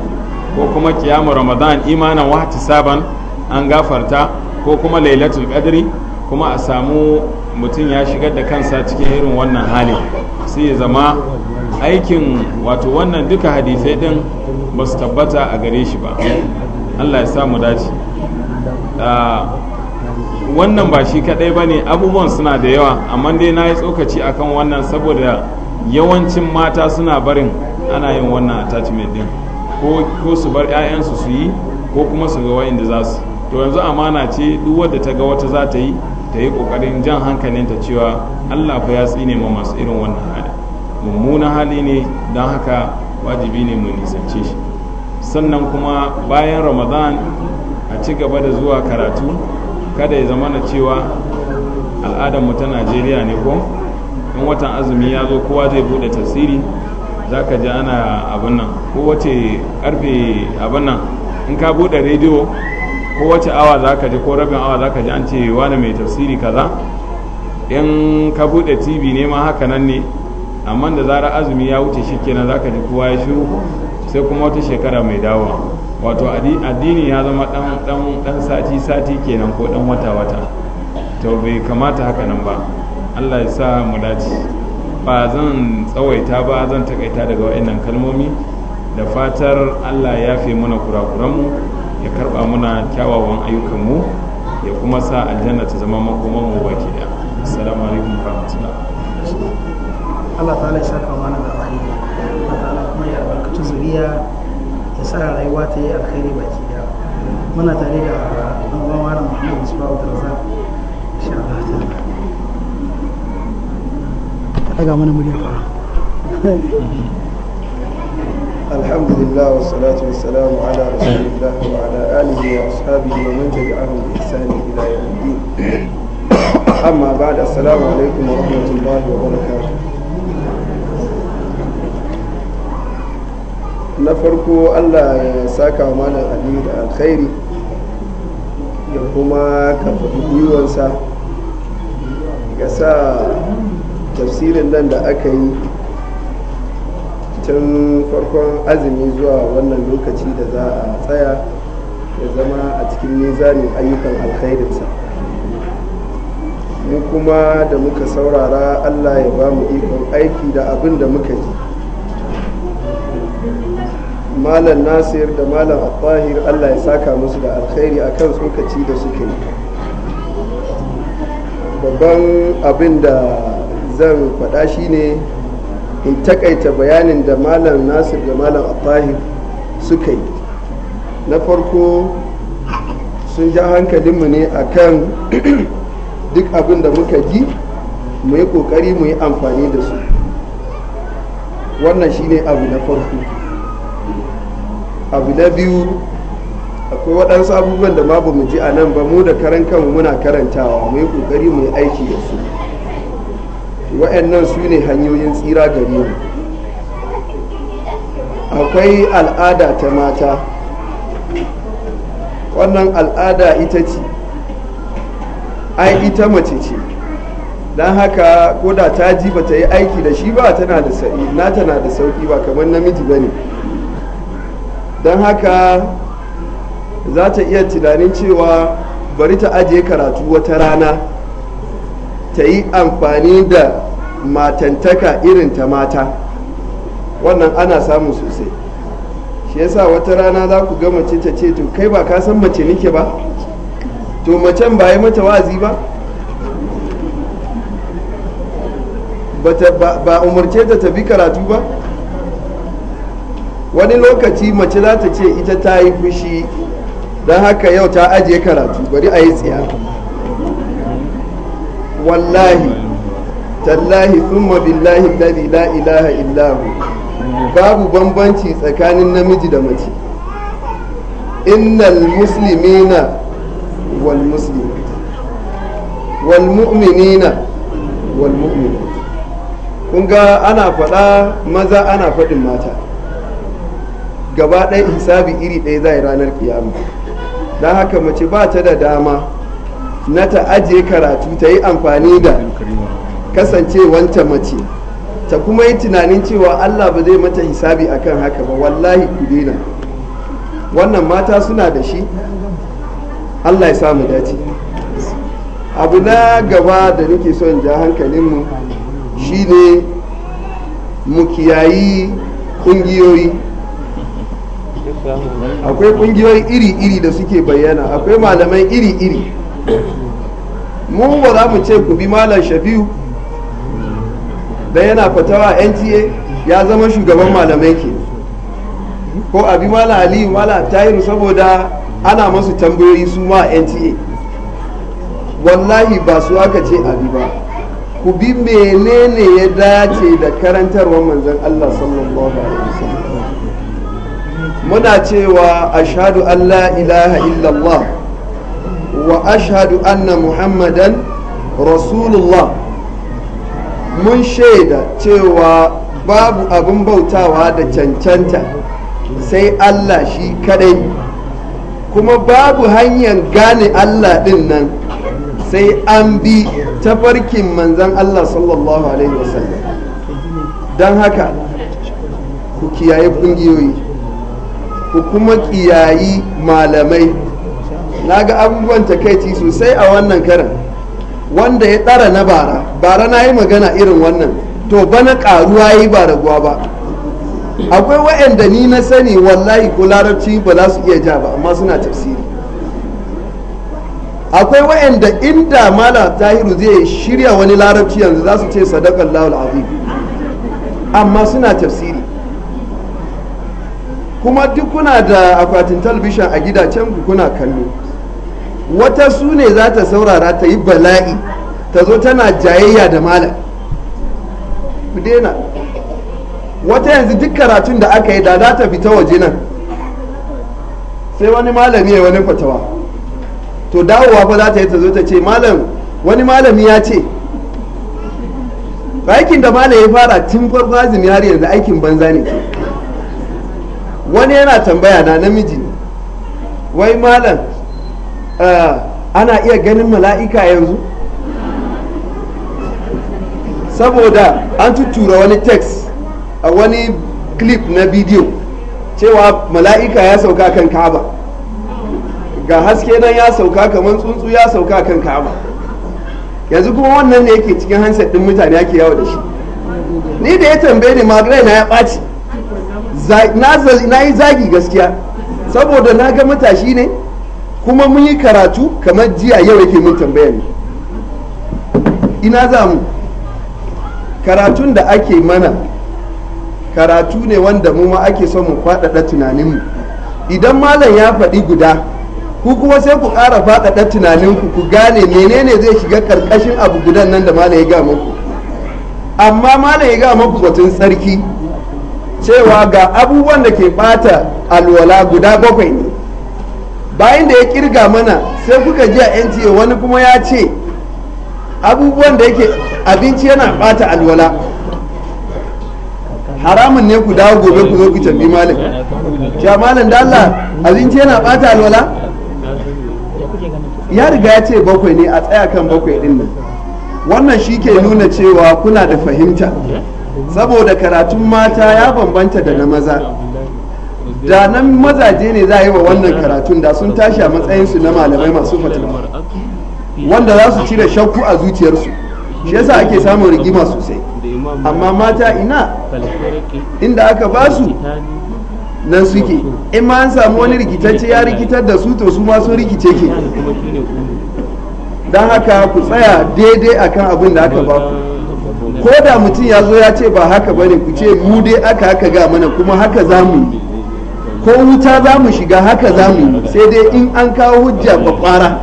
ko kuma kiyamu ramadan imanin wahati saban an gafarta ko kuma lailatul qadri kuma a samu mutum ya shigar da kansa cikin irin wannan hali sai ya zama aikin wato wannan duka hadisai din ba su tabbata a gare shi ba allah ya samu dace ah, wannan ba shi kadai ba ne abubuwan suna da yawa amma dai na yi tsokaci akan wannan saboda yawancin mata suna barin ana yin wannan attachment din ko su bar 'ya'yansu su yi ko kuma su ga da za su to yanzu amana ce duk wadda ta ga wata za ta yi ta yi kokarin jan hankalin ta cewa allah fa ya tsine ma masu irin wannan hali mummunan hali ne don haka wajibi ne mu nisance shi sannan kuma bayan ramadan a ci gaba da zuwa karatu kada ya zama na cewa al'adarmu ta najeriya ne ko in watan azumi ya zo kowa zai bude tasiri za ka ji ana abin nan wace karfe abin nan in ka bude rediyo ko wace awa za ka ji ko rabin awa za ka ji an ce wani mai tafsiri kaza in ka bude tv ne ma haka nan ne amma da zarar azumi ya wuce shi kenan za ka ji kowa ya shiru sai kuma wata shekara mai dawa. wato addini ya zama dan sati sati kenan ko dan wata wata to bai kamata haka nan ba allah ya sa mu dace ba zan tsawaita ba zan takaita daga wa'annan kalmomi da fatar allah ya fi muna kurakuranmu ya karba muna kyawawan ayyukanmu ya kuma sa aljanna ta zama makoman mu baki da assalamu alaikum warahmatullah Allah ta'ala ya saka mana da alheri Allah ta'ala kuma ya albarkaci zuriya sa rayuwa ta yi alkhairi baki daya muna tare da ɗan wani muhammadu su ba wata rasa sha Allah ta ta ga mana murya fara alhamdulillah wa salatu wa salamu ala rasulillah wa ala alihi wa ashabi wa man tabi'ahum bi ihsani ila yaumil din amma ba'da assalamu alaikum wa rahmatullahi wa barakatuh na farko allah ya saka wa malam ali da alkhairi ya kuma kafa gwiwansa ga sa tafsirin nan da aka yi tun farkon azumi zuwa wannan lokaci da za a tsaya ya zama a cikin nizanin ayyukan alkhairinsa mu kuma da muka saurara allah ya ba mu ikon aiki da abin da muka ji malam nasir da malam al-tahir allah ya saka musu da alkhairi akan tsokaci da suke babban abin da zan faɗa shi ne in takaita bayanin da malam nasir da malam al-tahir suka yi na farko sun ja hankalinmu ne akan *clears throat* duk abin da muka ji mu yi ƙoƙari mu yi amfani da su wannan shine abu na farko abu na biyu akwai waɗansu abubuwan da ma ba mu ji a nan ba mu da karan kanmu muna karantawa mu yi ƙoƙari mu yi aiki da su waɗannan su ne hanyoyin tsira gari mu akwai al'ada ta mata wannan al'ada ita ce ai ita mace ce don haka ko da ta ji ba ta yi aiki da shi ba na tana da sauki ba kamar namiji ba ne don haka za ta iya tunanin cewa bari ta ajiye karatu wata rana ta yi amfani da matantaka irin ta mata wannan ana samu sosai shi yasa wata rana za ku ga mace ta ce to kai ba ka san mace nike ba to macen ba yi mata wazi ba ba umarce ta tafi karatu ba wani lokaci mace za ta ce ita ta yi fushi don haka yau ta ajiye karatu bari a yi tsiya wallahi tallahi thumma billahi alladhi la ilaha illa babu bambanci tsakanin namiji da mace innal muslimina wal muslimat wal mu'minina wal mu'minat kun ga ana faɗa maza ana faɗin mata gaba ɗaya hisabi iri ɗaya za ranar kiyama don haka mace ba ta da dama na ta ajiye karatu ta yi amfani da kasance wanta mace ta kuma yi tunanin cewa allah ba zai mata hisabi a kan haka ba wallahi ku daina wannan mata suna da shi allah ya samu dace abu na gaba da nake son ja hankalinmu shine mu kiyayi ƙungiyoyi akwai kungiyoyi iri-iri da suke bayyana akwai malamai iri-iri mu ba za mu ce ku bi malam shafiu da yana fatawa nta ya zama shugaban malamai ke ko abi malam aliyu malam tahiru saboda ana masu tambayoyi su ma nta wallahi ba su aka ce abi ba ku bi menene ya dace da karantarwar manzon allah sallallahu alaihi wasallam muna cewa ashadu an la ilaha illallah wa ashadu anna muhammadan rasulullah mun shaida cewa babu abin bautawa da cancanta sai allah shi kadai kuma babu hanyar gane allah din nan sai an bi tafarkin manzan allah sallallahu alaihi wasallam don haka ku kiyaye kungiyoyi ku kuma kiyayi malamai na ga abubuwan takaici sosai a wannan karan wanda ya ɗara na bara bara na yi magana irin wannan to bana karuwa yi ba raguwa ba akwai wa'anda ni na sani wallahi ko larabci ba za su iya ja ba amma suna tafsiri akwai wa'anda inda mala tahiru zai shirya wani larabci yanzu za su ce sadakar lawal azim amma suna tafsiri kuma duk kuna da akwatin talbishin a gidajen ku kuna kallo wata su ne za ta saurara ta yi bala'i ta zo tana jayayya da malam ku daina wata yanzu duk karatun da aka yi da za ta fita waje nan sai wani malami ya yi wani fatawa to dawowa fa za ta yi ta zo ta ce malam wani malami ya ce aikin da malam ya fara tun farko azumi har yanzu aikin banza ne ke wani yana tambaya na namiji ne wai malam eh, ana iya ganin mala'ika yanzu saboda an tuttura wani text a wani clip na bidiyo cewa mala'ika ya sauka kan kaba, ga haske nan ya sauka kamar tsuntsu ya sauka kan kaba, yanzu kuma wannan ne yake cikin hanset ɗin mutane ake yawo da shi ni da ya tambaye ni magana na ya ɓaci na yi zagi gaskiya saboda na ga matashi ne kuma mun yi karatu kamar jiya yau yake mun tambaya ne ina za mu karatun da ake mana karatu ne wanda mu ma ake son mu faɗaɗa tunaninmu idan malam ya faɗi guda ku kuma sai ku ƙara faɗaɗa tunaninku ku gane menene zai shiga ƙarƙashin abu gudan nan da malam ya ga ku amma malam ya gama ku batun tsarki. cewa ga abubuwan da ke bata alwala guda bakwai ne bayan da ya kirga mana sai kuka ji a nta wani kuma ya ce abubuwan da yake abinci yana bata alwala haramun ne ku dawo gobe ku zo ku tambi malam cewa malam da Allah abinci yana bata alwala ya riga ya ce bakwai ne a tsaya kan bakwai din nan wannan shi ke nuna cewa kuna da fahimta saboda karatun mata ya bambanta da na maza da nan mazaje ne za a yi wa wannan karatun da sun tashi a matsayinsu na malamai masu fatawa wanda za su cire shakku a zuciyarsu shi yasa ake samun rigima sosai amma mata ina inda aka ba su nan suke in ma an samu wani rikitacce ya rikitar da su to su ma rikice ke don haka ku tsaya daidai akan abin da aka ba ku ko da mutum ya zo ya ce ba haka ba ne ku ce mu dai aka haka ga mana kuma haka za mu yi ko wuta za mu shiga haka za mu yi sai dai in an kawo hujja ba kwara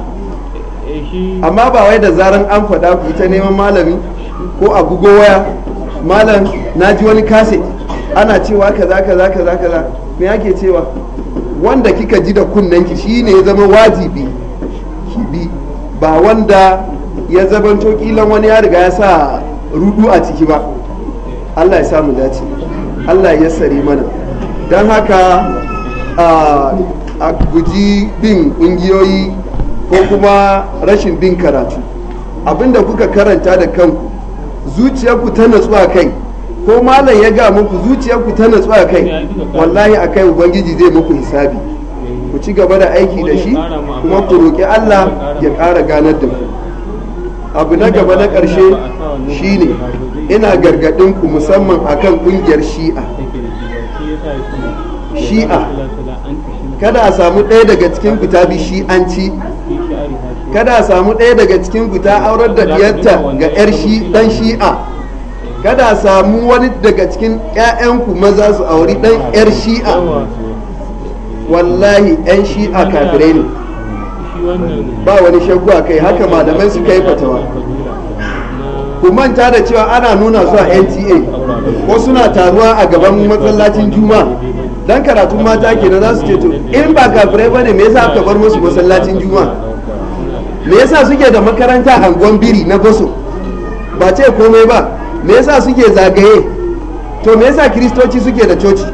amma ba wai da zaran an faɗa ku ta neman malami ko a waya malam na ji wani kase ana cewa kaza kaza kaza kaza me yake cewa wanda kika ji da kunnanki shine ya zama wajibi ki ba wanda ya zabanto kilan wani ya riga ya sa rudu a ciki ba Allah ya samu dace Allah ya sare mana don haka a guji bin ƙungiyoyi ko kuma rashin bin karatu abinda kuka karanta da kanku zuciyarku ta natsuwa kai ko malam ya ga muku zuciyarku ta natsuwa kai wallahi a kai ubangiji zai muku hisabi ku ci gaba da aiki da shi kuma ku roƙi allah ya ƙara ganar da ku abu na gaba na ƙarshe shine ina gargadin ku musamman akan kungiyar shi'a shi'a kada a samu ɗaya daga cikin ku ta bi shi'anci kada a samu ɗaya daga cikin ku aurar da diyarta ga 'yar shi dan shi'a kada a samu wani daga cikin 'ya'yanku maza su auri dan 'yar shi'a wallahi 'yan shi'a kafirai ne ba wani shagwa kai haka malamai su kai fatawa ku manta da cewa ana nuna su a nta ko suna taruwa a gaban masallacin juma dan karatun mata na za su ce to in ba kafirai ba ne me yasa aka bar musu masallacin juma me yasa suke da makaranta hangon biri na baso ba ce komai ba me yasa suke zagaye to me yasa kiristoci suke da coci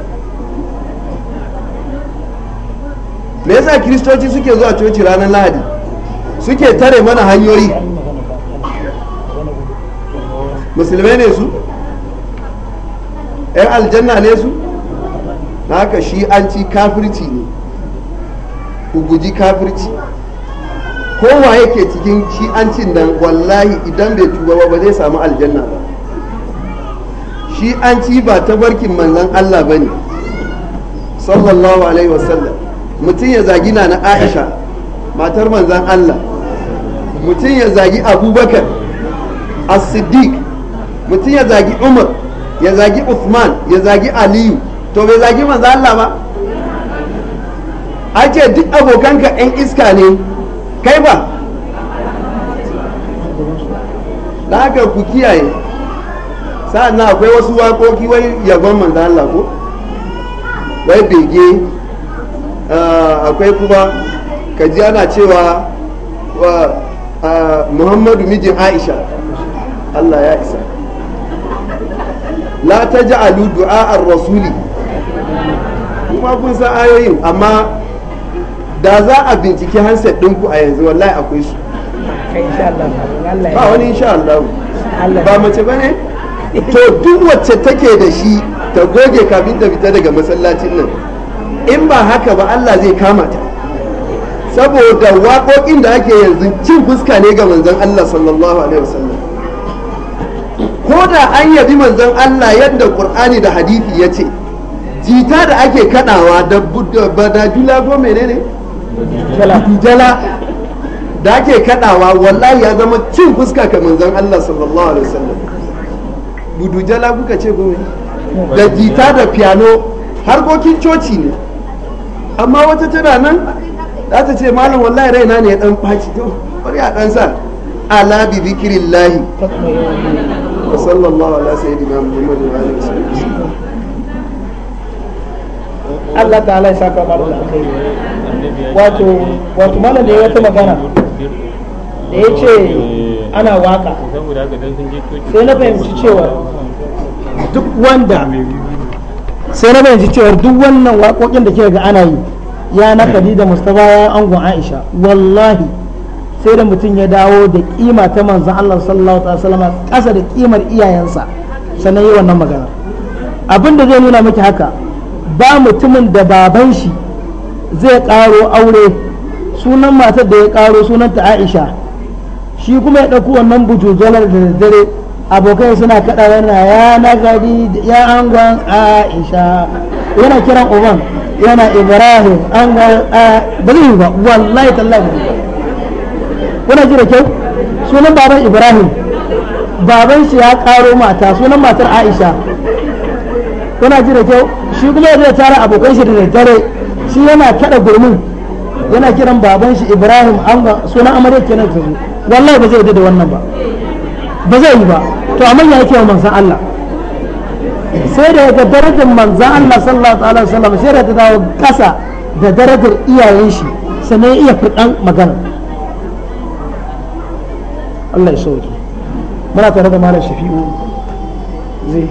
me yasa kiristoci suke zuwa coci ranar lahadi suke tare mana hanyoyi musulmai ne su yan aljanna ne su na haka shi an ci kafirci ne ku guji kafirci kowa yake cikin shi an cin nan wallahi idan bai tuba ba ba zai samu aljanna ba shi an ci ba ta barkin manzan Allah ba ne sallallahu alaihi wasallam mutum ya zagi na na aisha matar manzan Allah mutum ya zagi abubakar as-siddiq mutum ya zagi umar ya zagi usman ya zagi aliyu to bai zagi manzo Allah ba a ce duk abokanka 'yan iska ne kai ba da haka ku kiyaye sa'an akwai wasu waƙoƙi wai yabon manzo Allah ko wai bege ah, akwai kuma ka ji ana cewa ah, muhammadu mijin aisha Allah ya isa la ji du'a a rasuli kuma kun san ayoyin amma da za a binciki handset ɗinku a yanzu wallahi akwai su ba wani insha Allah ba mace ba ne to duk wacce take da shi ta goge kafin ta fita daga masallacin nan in ba haka ba Allah zai kama ta saboda waƙoƙin da ake yanzu cin fuska ne ga manzon Allah sallallahu alaihi wasallam ko da an yabi manzon Allah yadda Qur'ani da Hadithi ya ce jita da ake kadawa da badajula ko menene jala da ake kadawa wallahi ya zama cin fuska ka manzon Allah sallallahu alaihi wasallam budujala kuka ce gome da jita da piano gokin coci ne amma wata tana nan za ta ce malam wallahi raina ne ya dan faci to bari a dan sa ala bi zikrillah وصلى الله على سيدنا محمد وعلى اله وصحبه وسلم Allah ta'ala ya saka da alkhairi wato wato da wata magana da ya ce ana waka sai na fahimci cewa duk wanda sai na fahimci cewa duk wannan waƙoƙin da ke ga ana yi ya nakadi da mustafa ya angon aisha wallahi sai da mutum ya dawo da kima ta manzan Allah sallallahu alaihi wasallam kasa da kimar iyayensa sannan yi wannan magana abin da zai nuna miki haka ba mutumin da baban shi zai ƙaro aure sunan matar da ya karo sunan ta Aisha shi kuma ya ɗauko wannan bujujalar da dare abokai suna kaɗa yana ya nagari ya angon Aisha yana kiran uban yana Ibrahim angon ba zai yi ba wallahi tallahi kuna ji da kyau sunan baban ibrahim baban shi ya karo mata sunan matar aisha kuna ji da kyau shi kuma zai tara abokan shi da daddare shi yana kada gurmin yana kiran baban shi ibrahim sunan amarya kenan ta wallahi ba zai yi da wannan ba ba zai yi ba to amma ya yake wa manzan Allah sai da ga darajar manzan Allah sallallahu alaihi wasallam sai da ta dawo kasa da darajar iyayen shi sannan ya iya furdan magana Allah ya sauke muna tare da malam shafi'u zai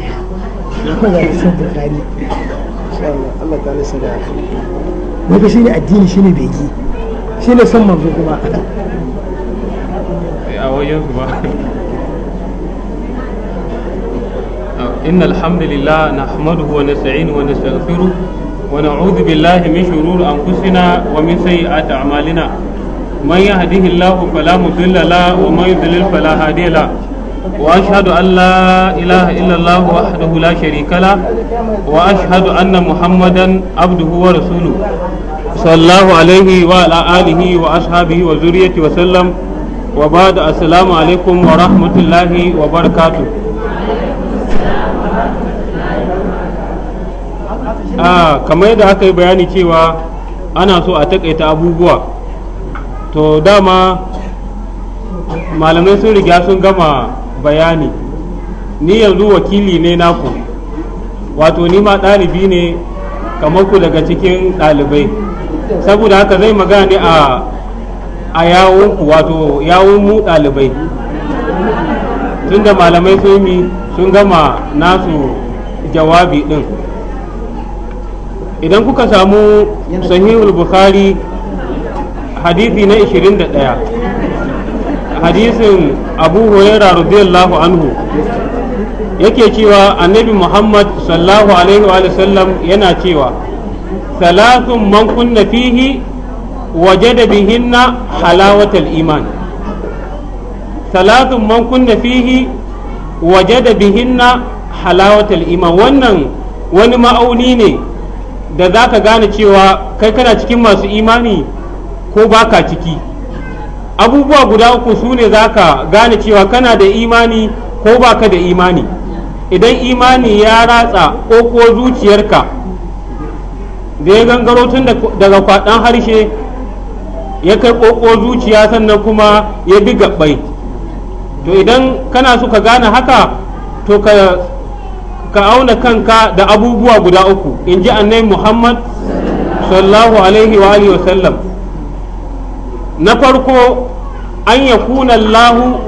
Allah ta lissa da wanda addini beki manzo kuma eh, a wajen ba إن الحمد لله نحمده ونستعينه ونستغفره ونعوذ بالله من شرور أنفسنا ومن سيئات أعمالنا من يهده الله فلا مضل له ومن يضلل فلا هادي له وأشهد أن لا إله إلا الله وحده لا شريك له وأشهد أن محمدا عبده ورسوله صلى الله عليه وعلى آله وأصحابه وذريته وسلم وبعد السلام عليكم ورحمة الله وبركاته آه كما يدعى bayani cewa ana so a takaita abubuwa to dama malamai sun riga sun gama bayani ni yanzu wakili ne naku wato ni ma ɗalibi ne kamar ku daga cikin ɗalibai saboda haka zai magana ne a a yawon wato yawon mu ɗalibai da malamai sun yi sun gama nasu jawabi ɗin idan kuka samu sahihul bukhari hadisi na 21 hadisin abu huraira radiyallahu anhu yake cewa annabi muhammad sallahu alaihi wa sallam yana cewa salasun man kunna fihi wajada bihinna halawatal iman salasun man kunna fihi wajada bihinna halawatal iman wannan wani ma'auni ne da za ka gane cewa kai kana cikin masu imani ko baka ciki abubuwa guda uku su ne za ka gane cewa kana da imani ko baka da imani idan imani ya ratsa ko zuciyarka da ya gangaro tun daga kwaɗan harshe ya kai ƙoƙo zuciya sannan kuma ya bi gabbai to idan kana so ka gane haka to ka auna kanka da abubuwa guda uku in ji annai muhammad sallallahu alaihi wa sallam na farko an ya kuna Allah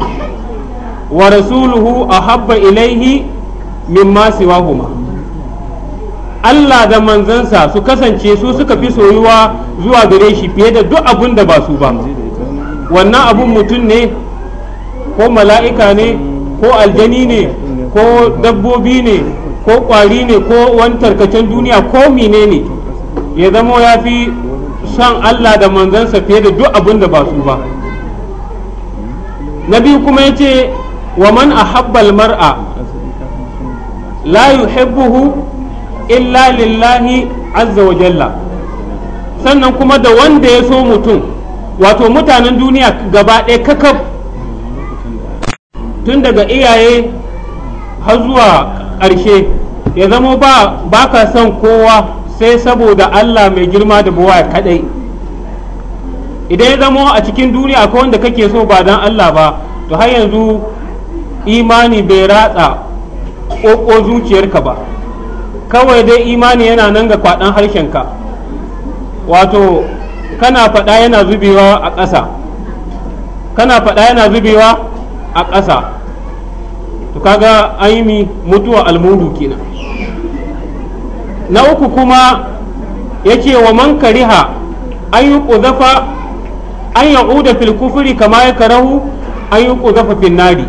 wa rasuluhu a habba ilaihi mimma huma Allah da manzansa su kasance su suka fi soyuwa zuwa gare shi fiye da duk abin da ba su ba wannan abun mutum ne ko mala'ika ne ko aljani ne ko dabbobi ne ko kwari ne ko wani tarkacen duniya ko menene ya zama ya fi san Allah da manzansa fiye da duk abin da ba su ba na biyu kuma ya ce wa man habbal mar'a la yuhibbuhu illa lillahi azza wa jalla sannan kuma da wanda ya so mutum wato mutanen duniya gaba ɗaya kakaf tun daga iyaye har zuwa ƙarshe ya zama ba ka son kowa sai saboda Allah mai girma da buwa kadai idan ya zama a cikin duniya akwai wanda kake so ba don Allah ba to har yanzu imani bai ratsa ƙoƙo zuciyarka ba kawai dai imani yana nan ga kwaɗan harshenka wato kana faɗa yana zubewa a ƙasa kana faɗa yana zubewa a ƙasa to kaga an mutuwa almudu kenan na uku kuma yace wa man kariha an yi ƙuzafa an ya'uda fil filkufuri kama ya karahu an yi ƙuzafa finnari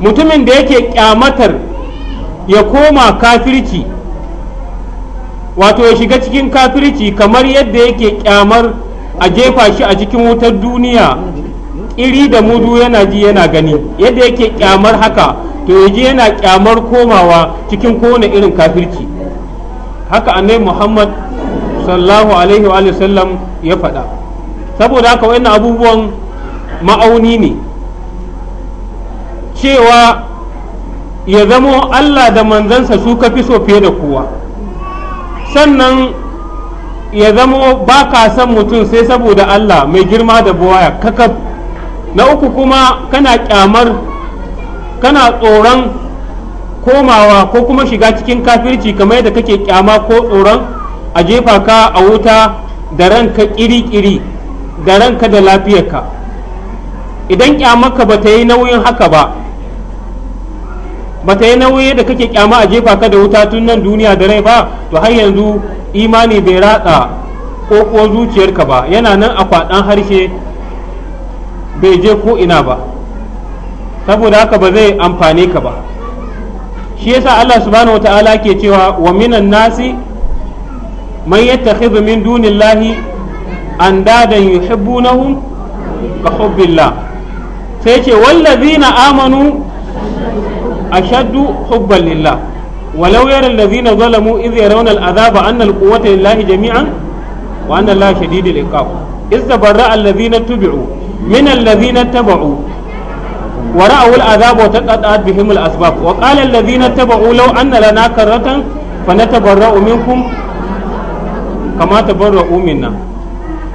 mutumin da yake kyamatar ya koma kafirci wato ya shiga cikin kafirci kamar yadda yake kyamar a jefa shi a cikin wutar duniya iri da mudu yana ji yana gani yadda yake kyamar haka to ya ji yana kyamar komawa cikin kowane irin kafirci haka annabi muhammad sallallahu alaihi wa sallam ya faɗa saboda haka wannan abubuwan ma'auni ne cewa ya zamo allah da manzansa su ka fi so fiye da kowa sannan ya zamo ba ka san mutum sai saboda allah mai girma da buwaya kakaf na uku kuma kana kyamar kana tsoron komawa ko kuma shiga cikin kafirci kamar yadda kake kyama ko tsoron a jefa ka a wuta da ranka kiri-kiri da ranka da lafiyarka idan kyamarka ba ta yi nauyin haka ba ba ta yi nauyi da kake kyama a jefa ka da wuta tun nan duniya da rai ba to har yanzu imani bai ratsa ko zuciyarka ba yana nan a kwaɗan harshe bai je ko ina ba saboda haka ba zai amfane ka ba shi yasa Allah subhanahu wata'ala ke cewa wa minan nasi man yattakhidhu min dunillahi andadan yuhibbunahum ka hubbillah sai ce wallazina amanu ashaddu hubban lillah ولو يرى الذين ظلموا إذ يرون العذاب أن القوة لله جميعا وأن الله شديد العقاب إذ تبرأ الذين تبعوا من الذين taba'u. ورأوا العذاب وتقطعت بهم الأسباب وقال الذين اتبعوا لو أن لنا كرة فنتبرأ منكم كما تبرأوا منا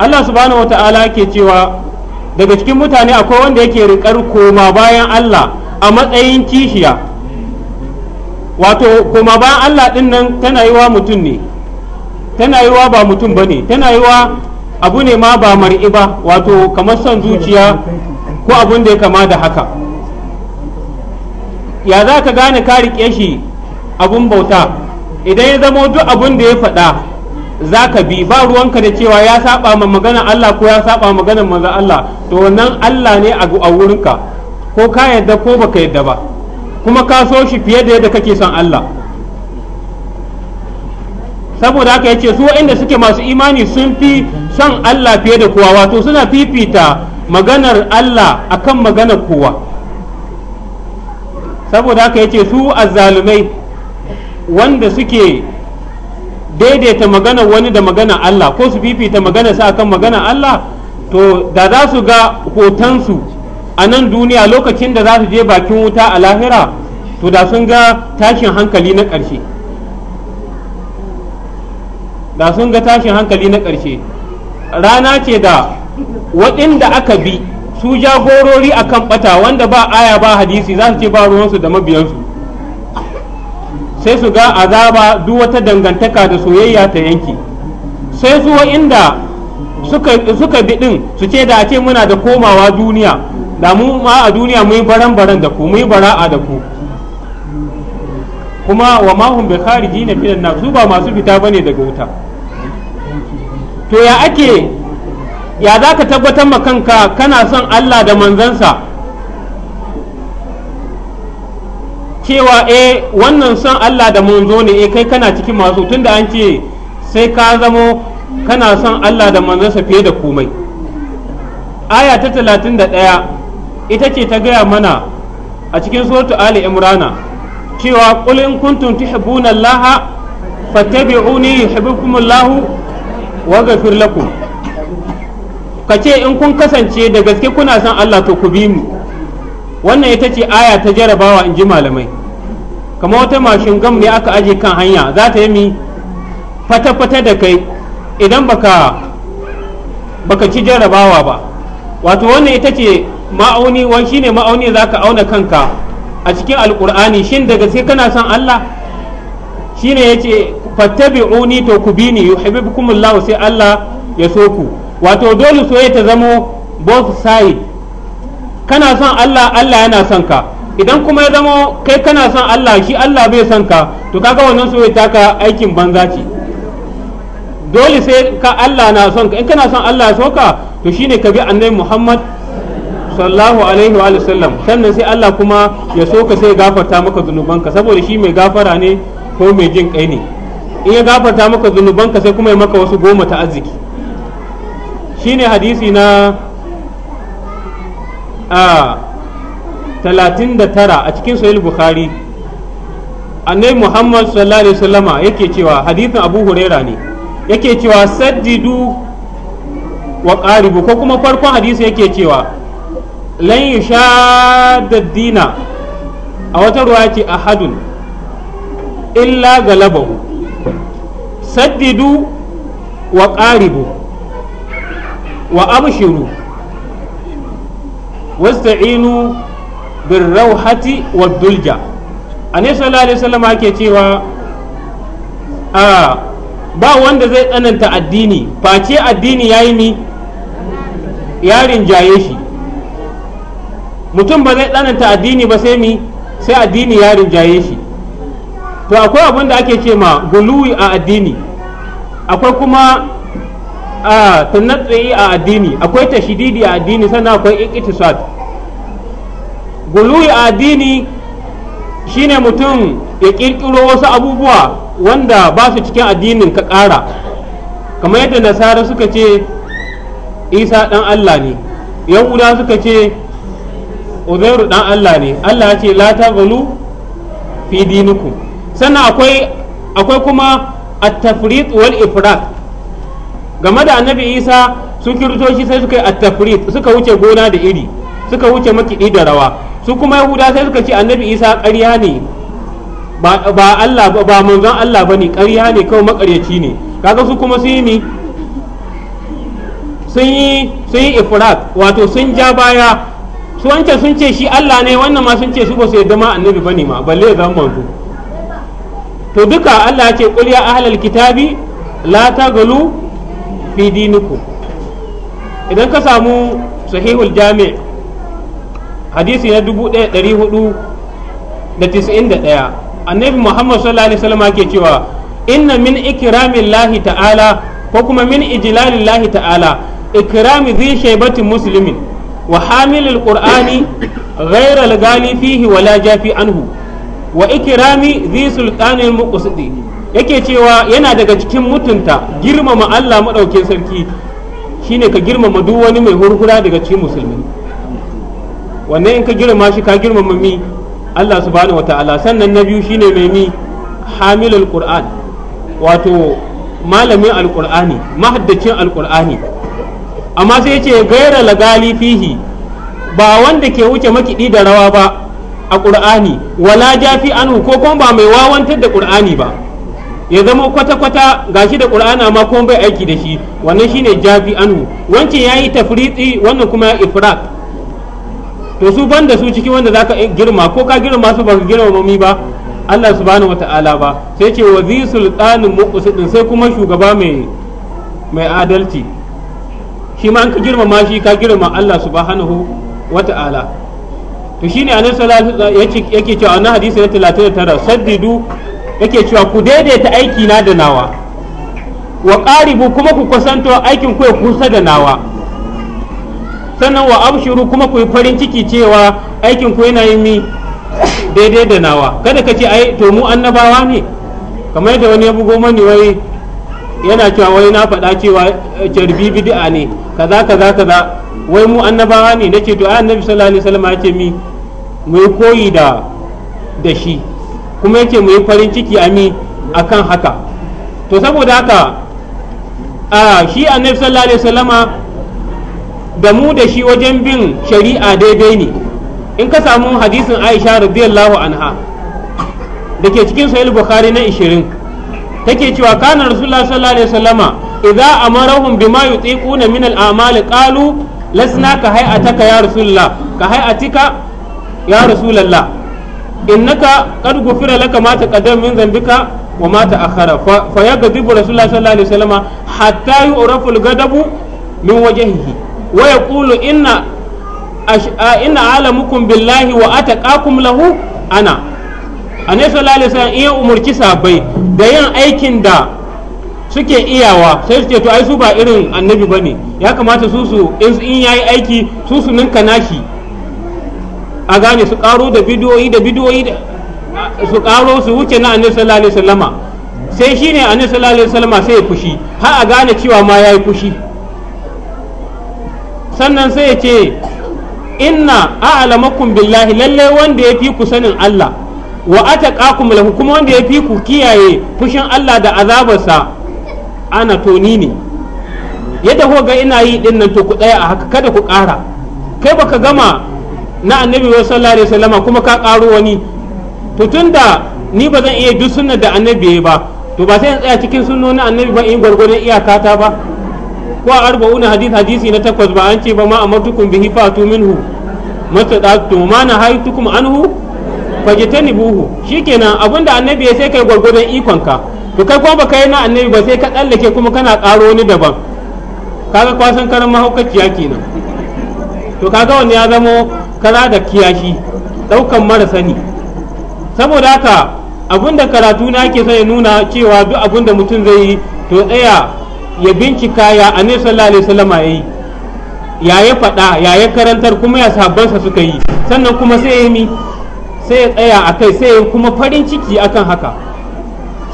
Allah subhanahu wa ta'ala ke cewa daga cikin mutane akwai wanda yake rikar koma bayan Allah a matsayin kishiya wato koma bayan Allah din nan tana yi wa mutum ne tana yi wa ba mutum ba ne tana yi wa abu ne ma ba mar'i ba wato kamar son zuciya ko abin da ya kama da haka ya za ka gane ka riƙe shi abun bauta idan ya zama duk abun da ya faɗa za ka bi ba ruwanka da cewa ya saba ma magana Allah ko ya saba maganar manzon Allah to wannan Allah ne a wurinka ko ka yadda ko baka yadda ba kuma ka so shi fiye da yadda kake son Allah saboda haka yace su waɗanda suke masu imani sun fi son Allah fiye da kowa wato suna fifita maganar Allah akan maganar kowa saboda haka ya ce su azzalumai wanda suke daidaita maganar wani da maganar Allah ko su fifita maganar sa akan maganar Allah to da za su ga hotonsu a nan duniya lokacin da za su je bakin wuta a lahira to da sun ga tashin hankali na ƙarshe da sun ga tashin hankali na ƙarshe rana ce da waɗanda aka bi su jagorori a kan ɓata wanda ba aya ba hadisi za su ce ba ruwansu da mabiyansu sai su ga azaba duk wata dangantaka da soyayya ta yanki sai su inda suka bi ɗin su ce da a ce muna da komawa duniya da mu ma a duniya mu yi baran-baran da ku mu bara'a da ku kuma wa mahun bai khariji na fidan na su ba masu fita bane daga wuta to ya ake ya za ka tabbatar ma kanka kana son Allah da manzansa cewa e, wannan son Allah da manzo ne eh kai kana cikin masu tunda an ce sai ka zamo kana son Allah da manzansa fiye da komai aya ta talatin 31 ita ce ta gaya mana a cikin suratu ali imrana cewa qul in kuntum tuhibbuna allaha fattabi'uni yuhibbukum allah waghfir lakum ka ce in kun kasance da gaske kuna son Allah to ku bi mu wannan ita ce aya ta jarabawa in ji malamai kamar wata mashin gam ne aka aje kan hanya za ta yi mi fata-fata da kai idan baka baka ci jarabawa ba wato wannan ita ce ma'auni wani shine ma'auni za ka auna kanka a cikin alkur'ani shin da gaske kana son Allah shine ya ce fattabi'uni to ku bi ni yuhibbukumullahu sai Allah ya so ku wato dole soyayya ta zamo both side kana son Allah Allah yana son ka idan kuma ya zamo kai kana son Allah shi Allah bai son ka to kaga wannan soyayya ka aikin banza ce dole sai ka Allah na son ka in kana son Allah ya so ka to shine ka bi annabi Muhammad sallallahu alaihi wa sallam sannan sai Allah kuma ya so ka sai gafarta maka zunubanka saboda shi mai gafara ne ko mai jin kai ne in ya gafarta maka zunubanka sai kuma ya maka wasu goma ta arziki shine hadisi na a tara a cikin sahih bukhari annai muhammad sallallahu alaihi wasallama yake cewa hadithin abu huraira ne yake cewa saddidu wa qaribu ko kuma farkon hadisi yake cewa lan da dina a wata ruwa ce ahadun illa galabahu saddidu wa qaribu wa abshiru inu bin rauhati wa dulja annabi sallallahu alaihi salama ake cewa a ba wanda zai tsananta addini face addini ya yi ni yarin jaye shi mutum ba zai tsananta addini ba sai mi sai addini ya rinjaye shi to akwai abin da ake ce ma guluwi a addini akwai kuma a sannan tsayi a addini akwai tashididi a addini sannan akwai iktisad guluyi a addini shine mutum ya kirkiro wasu abubuwa wanda ba su cikin addinin ka ƙara kamar yadda nasara suka ce isa dan allah ne yan yahuda suka ce uzairu dan allah ne allah ya ce la ta galu fi diniku sannan akwai kuma at-tafrit wal ifrat game da annabi isa su shi sai suka yi attafrit suka wuce gona da iri suka wuce makiɗi da rawa su kuma yahuda sai suka ce annabi isa ƙarya ne ba Allah ba manzon Allah bane ƙarya ne kawai makaryaci ne kaga su kuma sun yi sun yi sun yi ifrat wato sun ja baya su wancan sun ce shi Allah ne wannan ma sun ce su ba su yadda ma annabi bane ma balle ya zama manzo to duka Allah ya ce qul ya ahlal kitabi la tagalu fi idan ka samu sahihul jami hadisi na 1491 annabi muhammad sallallahu alaihi wasallam ke cewa inna min ikramillahi ta'ala ko kuma min ijlalillahi ta'ala ikrami zai shaibatin musulmin wa hamilil qur'ani ghairal gani fihi wala jafi anhu wa ikrami zai sultanin muqsidi yake cewa yana daga cikin mutunta girmama Allah maɗaukin sarki shine ka girmama duk wani mai hurhura daga cikin musulmi Wanne in ka girma shi ka girmama mi Allah subhanahu wata'ala sannan na biyu shine mai mi hamilul qur'an wato malamin alqur'ani mahaddacin alqur'ani amma sai yace gaira lagali fihi ba wanda ke wuce makidi da rawa ba a qur'ani wala jafi anhu ko kuma ba mai wawantar da qur'ani ba ya zama kwata-kwata gashi da qur'ana ma kuma bai aiki da shi wannan shine jafi anu wancan yayi tafriti wannan kuma ya ifrat to su banda su cikin wanda zaka girma ko ka girma su baka girma mami ba Allah subhanahu wata'ala ba sai ce wa zi sultanin muqsidin sai kuma shugaba mai mai adalci shi ma an ka girmama shi ka girma Allah subhanahu wata'ala to shine annabi sallallahu alaihi wasallam yake cewa wannan hadisi na 39 saddidu yake cewa ku daidaita aiki na da nawa wa qaribu kuma ku kusanto aikin ku ya kusa da nawa sannan wa abshuru kuma ku yi farin ciki cewa aikin ku yana yin mi daidai da nawa kada ka ce ai to mu annabawa ne kamar yadda wani ya bugo mani wai yana cewa wai na faɗa cewa eh, carbi bid'a ne kaza kaza kaza wai mu annabawa ne nace to annabi sallallahu alaihi wasallam ya ce mi mu yi koyi da da shi kuma yake mu yi farin ciki a a akan haka to saboda haka a shi annabi sallallahu alaihi wasallama da mu da shi wajen bin shari'a daidai ne in ka samu hadisin Aisha radiyallahu anha da ke cikin sahih bukhari na 20 take cewa kana rasulullah sallallahu alaihi wasallama idza amarahum bima yutiquna min al-a'mal qalu lasna ka hay'ataka ya rasulullah ka hay'atika ya rasulullah innaka qad gufira laka ma taqaddama min dhanbika wa ma ta'akhkhara fa yaghdibu rasulullah sallallahu alaihi wasallam hatta yu'rafu al-ghadabu min wajhihi wa yaqulu inna inna alamukum billahi wa ataqakum lahu ana annabi sallallahu alaihi wasallam iya umurci sabai da yin aikin da suke iyawa sai su ce to ai su ba irin annabi bane ya kamata su su in yayi aiki su su ninka nashi a gane su karo da bidiyoyi da bidiyoyi su karo su wuce na annabi sallallahu alaihi wasallama sai shine annabi sallallahu alaihi wasallama sai ya fushi har a gane cewa ma yayi fushi sannan sai ya ce inna a'lamakum billahi lalle wanda yafi ku sanin Allah wa ataqakum lahu kuma wanda yafi ku kiyaye fushin Allah da azabarsa ana to ni ne yadda ko ga ina yi din to ku ɗaya a haka kada ku ƙara kai baka gama na annabi sallallahu alaihi wasallama kuma ka karo wani to tunda ni ba zan iya duk sunnar da annabi ba to ba sai in tsaya cikin sunnoni annabi ba in gwargwadon iyakata ba ko a arba'una hadith hadisi na takwas ba an ce ba ma amartukum bihi fatu minhu matsadatu ma na haytukum anhu fajtanibuhu shikenan abinda annabi sai kai gwargwadon ka to kai kuma baka yi na annabi ba sai ka tsallake kuma kana karo wani daban kaga kwasan karan mahaukaciya kenan to kaga wani ya zama kaza da kiyashi daukan mara sani saboda haka abinda karatu na ake sai nuna cewa duk da mutum zai yi to tsaya ya bincika ya annabi sallallahu alaihi wasallam yi ya ya faɗa ya ya karantar kuma ya sabansa suka yi sannan kuma sai ya mi sai ya tsaya akai sai ya kuma farin ciki akan haka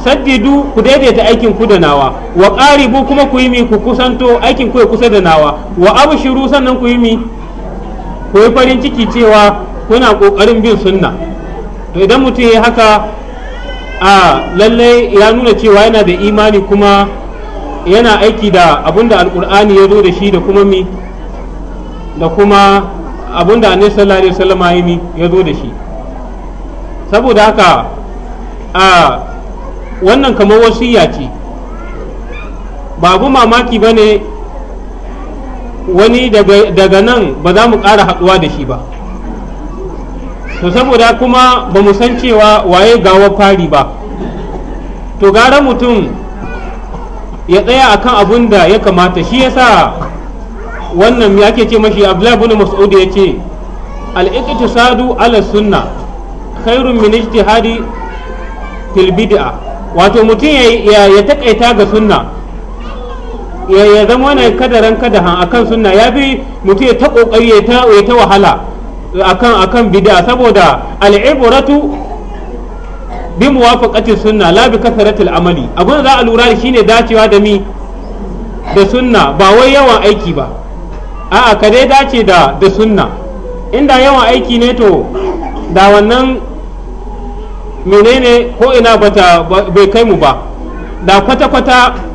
saddidu ku daidaita aikin ku da nawa wa qaribu kuma ku yi mi ku kusanto aikin ku ya kusa da nawa wa abu shiru sannan ku yi mi ko yi farin ciki cewa kuna kokarin bin sunna to idan mutum ya haka a lallai ya nuna cewa yana da imani kuma yana aiki da abinda alkur'ani ya zo da shi da kuma mi da kuma abinda da sallallahu alaihi wasallam ya zo da shi saboda haka a wannan kamar wasiya ce babu mamaki ba ne. wani daga nan ba za mu ƙara haɗuwa da shi ba to saboda kuma ba mu san cewa waye gawa fari ba to gara mutum ya tsaya akan abun da ya kamata shi yasa wannan ya ke ce mashi abdullahi bin mas'ud ya ce al sadu ala sunna khairun min ijtihadi fil wato mutum ya ya takaita ga sunna ya zama wani kadaran kadahan akan sunna ya bi mutum ya ta kokari ya ta ta wahala akan akan bid'a saboda al'ibratu bi muwafaqati sunna la bi kasarati al'amali abun za a lura shine dacewa da mi da sunna ba wai yawan aiki ba a'a ka dai dace da da sunna inda yawan aiki ne to da wannan menene ko ina bata bai kai mu ba da kwata-kwata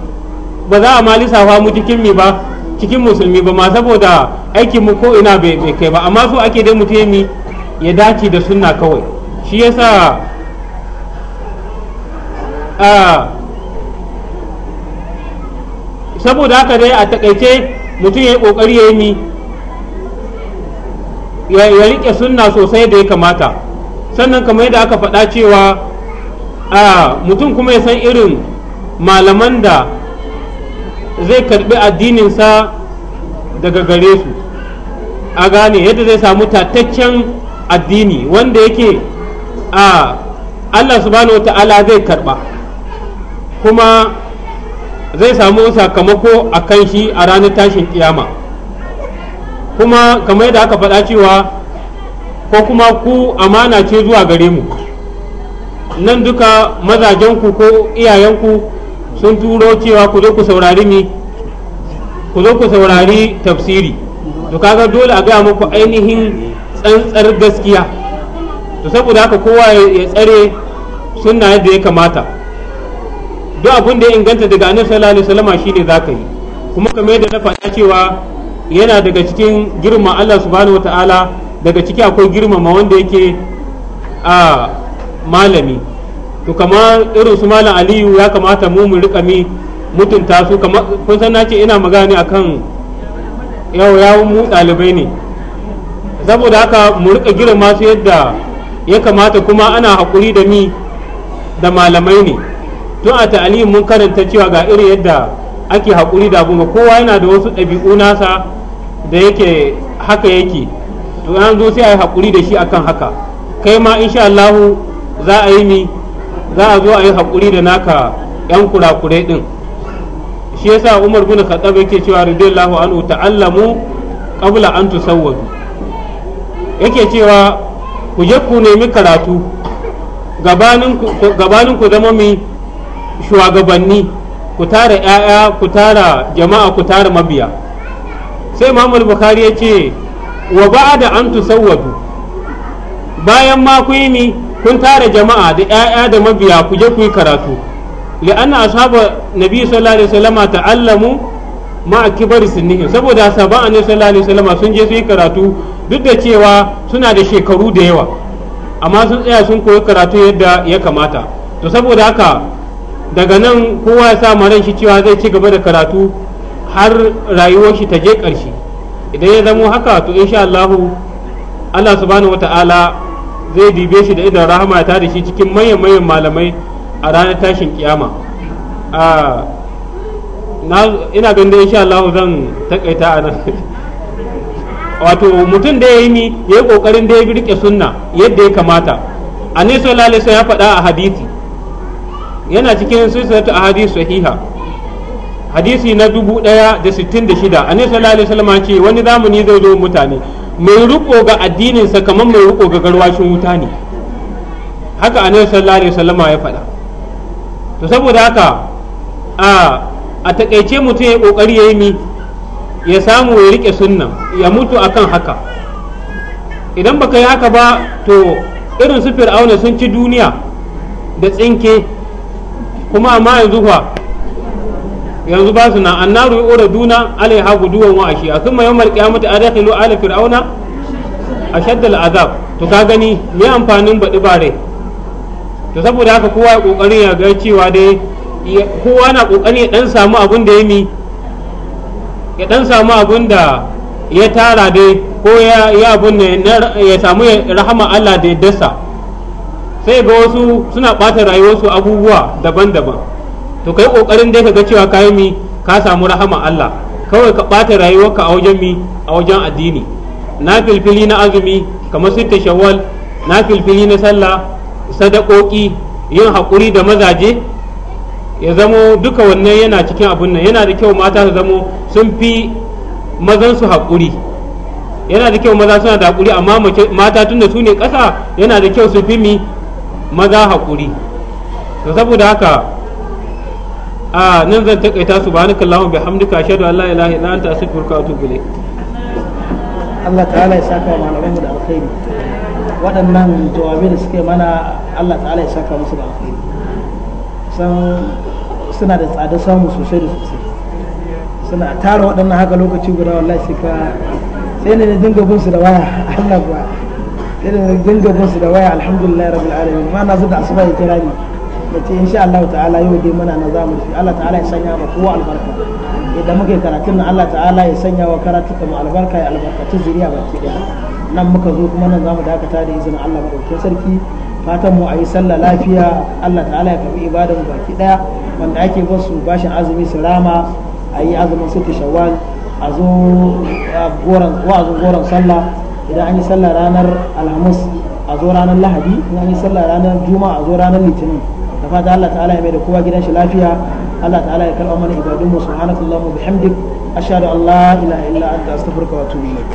ba za a ma lissafa mu cikin mi ba cikin musulmi ba ma saboda aikin mu ko ina bai kai ba amma so ake dai mutum mi ya dace da sunna kawai shi yasa a saboda haka dai a takaice mutum ya yi kokari ya yi mi ya rike sunna sosai da ya kamata sannan kamar yadda aka faɗa cewa a mutum kuma ya san irin malaman da zai karbi addininsa daga gare su a gane yadda zai samu tataccen addini wanda yake a Allah subhanahu wata'ala zai karba kuma zai samu sakamako a kan shi a ranar tashin kiyama kuma kamar yadda aka faɗa cewa ko kuma ku amana ce zuwa gare mu nan duka mazajenku ko iyayenku sun turo cewa ku zo ku saurari mi ku zo ku saurari tafsiri to kaga dole a gaya muku ainihin tsantsar gaskiya to saboda haka kowa ya tsare sunna yadda ya kamata duk abin da ya inganta daga annabi sallallahu alaihi wasallama shine zaka yi kuma kamar yadda na faɗa cewa yana daga cikin girma Allah subhanahu wataala daga ciki akwai girmama wanda yake a ah, malami to kamar irin su malam aliyu ya kamata mu mu rika mi mutunta su kamar kun san nace ina magana ne akan yau yawun mu dalibai ne saboda haka mu rika girma su yadda ya kamata kuma ana hakuri da mi da malamai ne tun a ta'alimin mun karanta cewa ga irin yadda ake hakuri da abun kowa yana da wasu ɗabi'u nasa da yake haka yake to an zo sai a yi hakuri da shi akan haka kai ma insha Allahu za a yi ni. za a zo a yi haƙuri da naka yan kurakurai ɗin shi yasa umar bin khattab yake cewa radiyallahu anhu ta'allamu ƙabla an tusawwadu yake cewa ku je ku nemi karatu gabanin ku zama mi shugabanni ku tara 'ya'ya ku tara jama'a ku tara mabiya sai imamul bukhari ya ce wa ba'da an tusawwadu bayan ma ku yi mi kun tara jama'a da 'ya'ya da mabiya ku je ku yi karatu anna ashabu nabi sallallahu alaihi wasallam ta'allamu ma kibar sinnihin saboda sahaban annabi sallallahu alaihi wasallam sun je su yi karatu duk da cewa suna da shekaru da yawa amma sun tsaya sun koyi karatu yadda ya kamata to saboda haka daga nan kowa ya sa ran shi cewa zai ci gaba da karatu har rayuwar shi ta je ƙarshe idan ya zamo haka to insha Allah Allah subhanahu wata'ala zai dibe shi da idan rahama ta da shi cikin manyan manyan malamai a ranar tashin kiyama ina ganin da insha Allah zan takaita a nan *laughs* wato mutum da ya yi ni ya yi kokarin da ya rike sunna yadda ya kamata a ne ya faɗa a hadisi yana cikin silsilatu ahadith sahiha hadisi na dubu ɗaya da sittin da shida a ne sallallahu alaihi wasallam ce wani zamani zai zo mutane mai riko ga addininsa kamar mai riko ga garwashin wuta ne haka annabi sallallahu alaihi wasallama ya faɗa to saboda haka a a takaice mutum ya kokari yayi mi ya samu ya rike sunna ya mutu akan haka idan baka yi haka ba to irin su fir'auna sun ci duniya da tsinke kuma amma yanzu kuwa. yanzu ba su na annaru alai alaiha guduwan wa ashiya thumma yawmal a adkhilu ala fir'auna ashadda azab to ka gani me amfanin baɗi bare to saboda haka kowa ya kokarin ya ga cewa dai kowa na kokarin ya dan samu abun da ya mi ya dan samu abun da ya tara dai ko ya ya abun ya samu rahama Allah da ya dasa sai ga wasu suna ɓata rayuwarsu abubuwa daban-daban to kai kokarin dai kaga cewa kai mi ka samu rahama Allah kawai ka bata rayuwarka a wajen mi a wajen addini na filfili na azumi kamar ta shawwal na filfili na sallah sadakoki yin hakuri da mazaje ya zamo duka wannan yana cikin abun nan yana da kyau mata su zamo sun fi mazan su hakuri yana da kyau maza suna da hakuri amma mata tun da su ne kasa yana da kyau su fi mi maza hakuri to saboda haka a nan zan takaita bi hamdika ashhadu an la ilaha illa anta astaghfiruka wa atubu ilayk Allah ta'ala ya saka wa malamanmu da alkhairi waɗannan jawabin da suke mana Allah ta'ala ya saka musu da alkhairi san suna da tsada samu sosai da sosai suna tara waɗannan haka lokaci guda wallahi sai ka sai ne dinga bin su da waya Allah ba sai ne dinga bin su da waya alhamdulillah rabbil alamin ma na zuda asuba ya kira ni da ce insha Allah ta'ala yau dai muna na zamu fi Allah ta'ala ya sanya ma kowa albarka idan muke karatun nan Allah ta'ala ya sanya wa karatu mu albarka ya albarkaci zuriya baki daya nan muka zo kuma nan zamu dakata da izinin Allah madaukakin sarki fatan mu a yi sallah lafiya Allah ta'ala ya karbi ibadan mu baki daya wanda ake basu bashin azumi su rama a yi azumin su shawwal a zo goran wa'azin goran sallah idan an yi sallah ranar alhamis a zo ranar lahadi idan an yi sallah ranar juma'a a zo ranar litinin da fata Allah ta'ala ya mai da kowa gidan shi lafiya Allah ta'ala ya karɓa mana ibadun mu subhanakallahu wa bihamdik ashhadu an la ilaha illa anta astaghfiruka wa atubu ilaik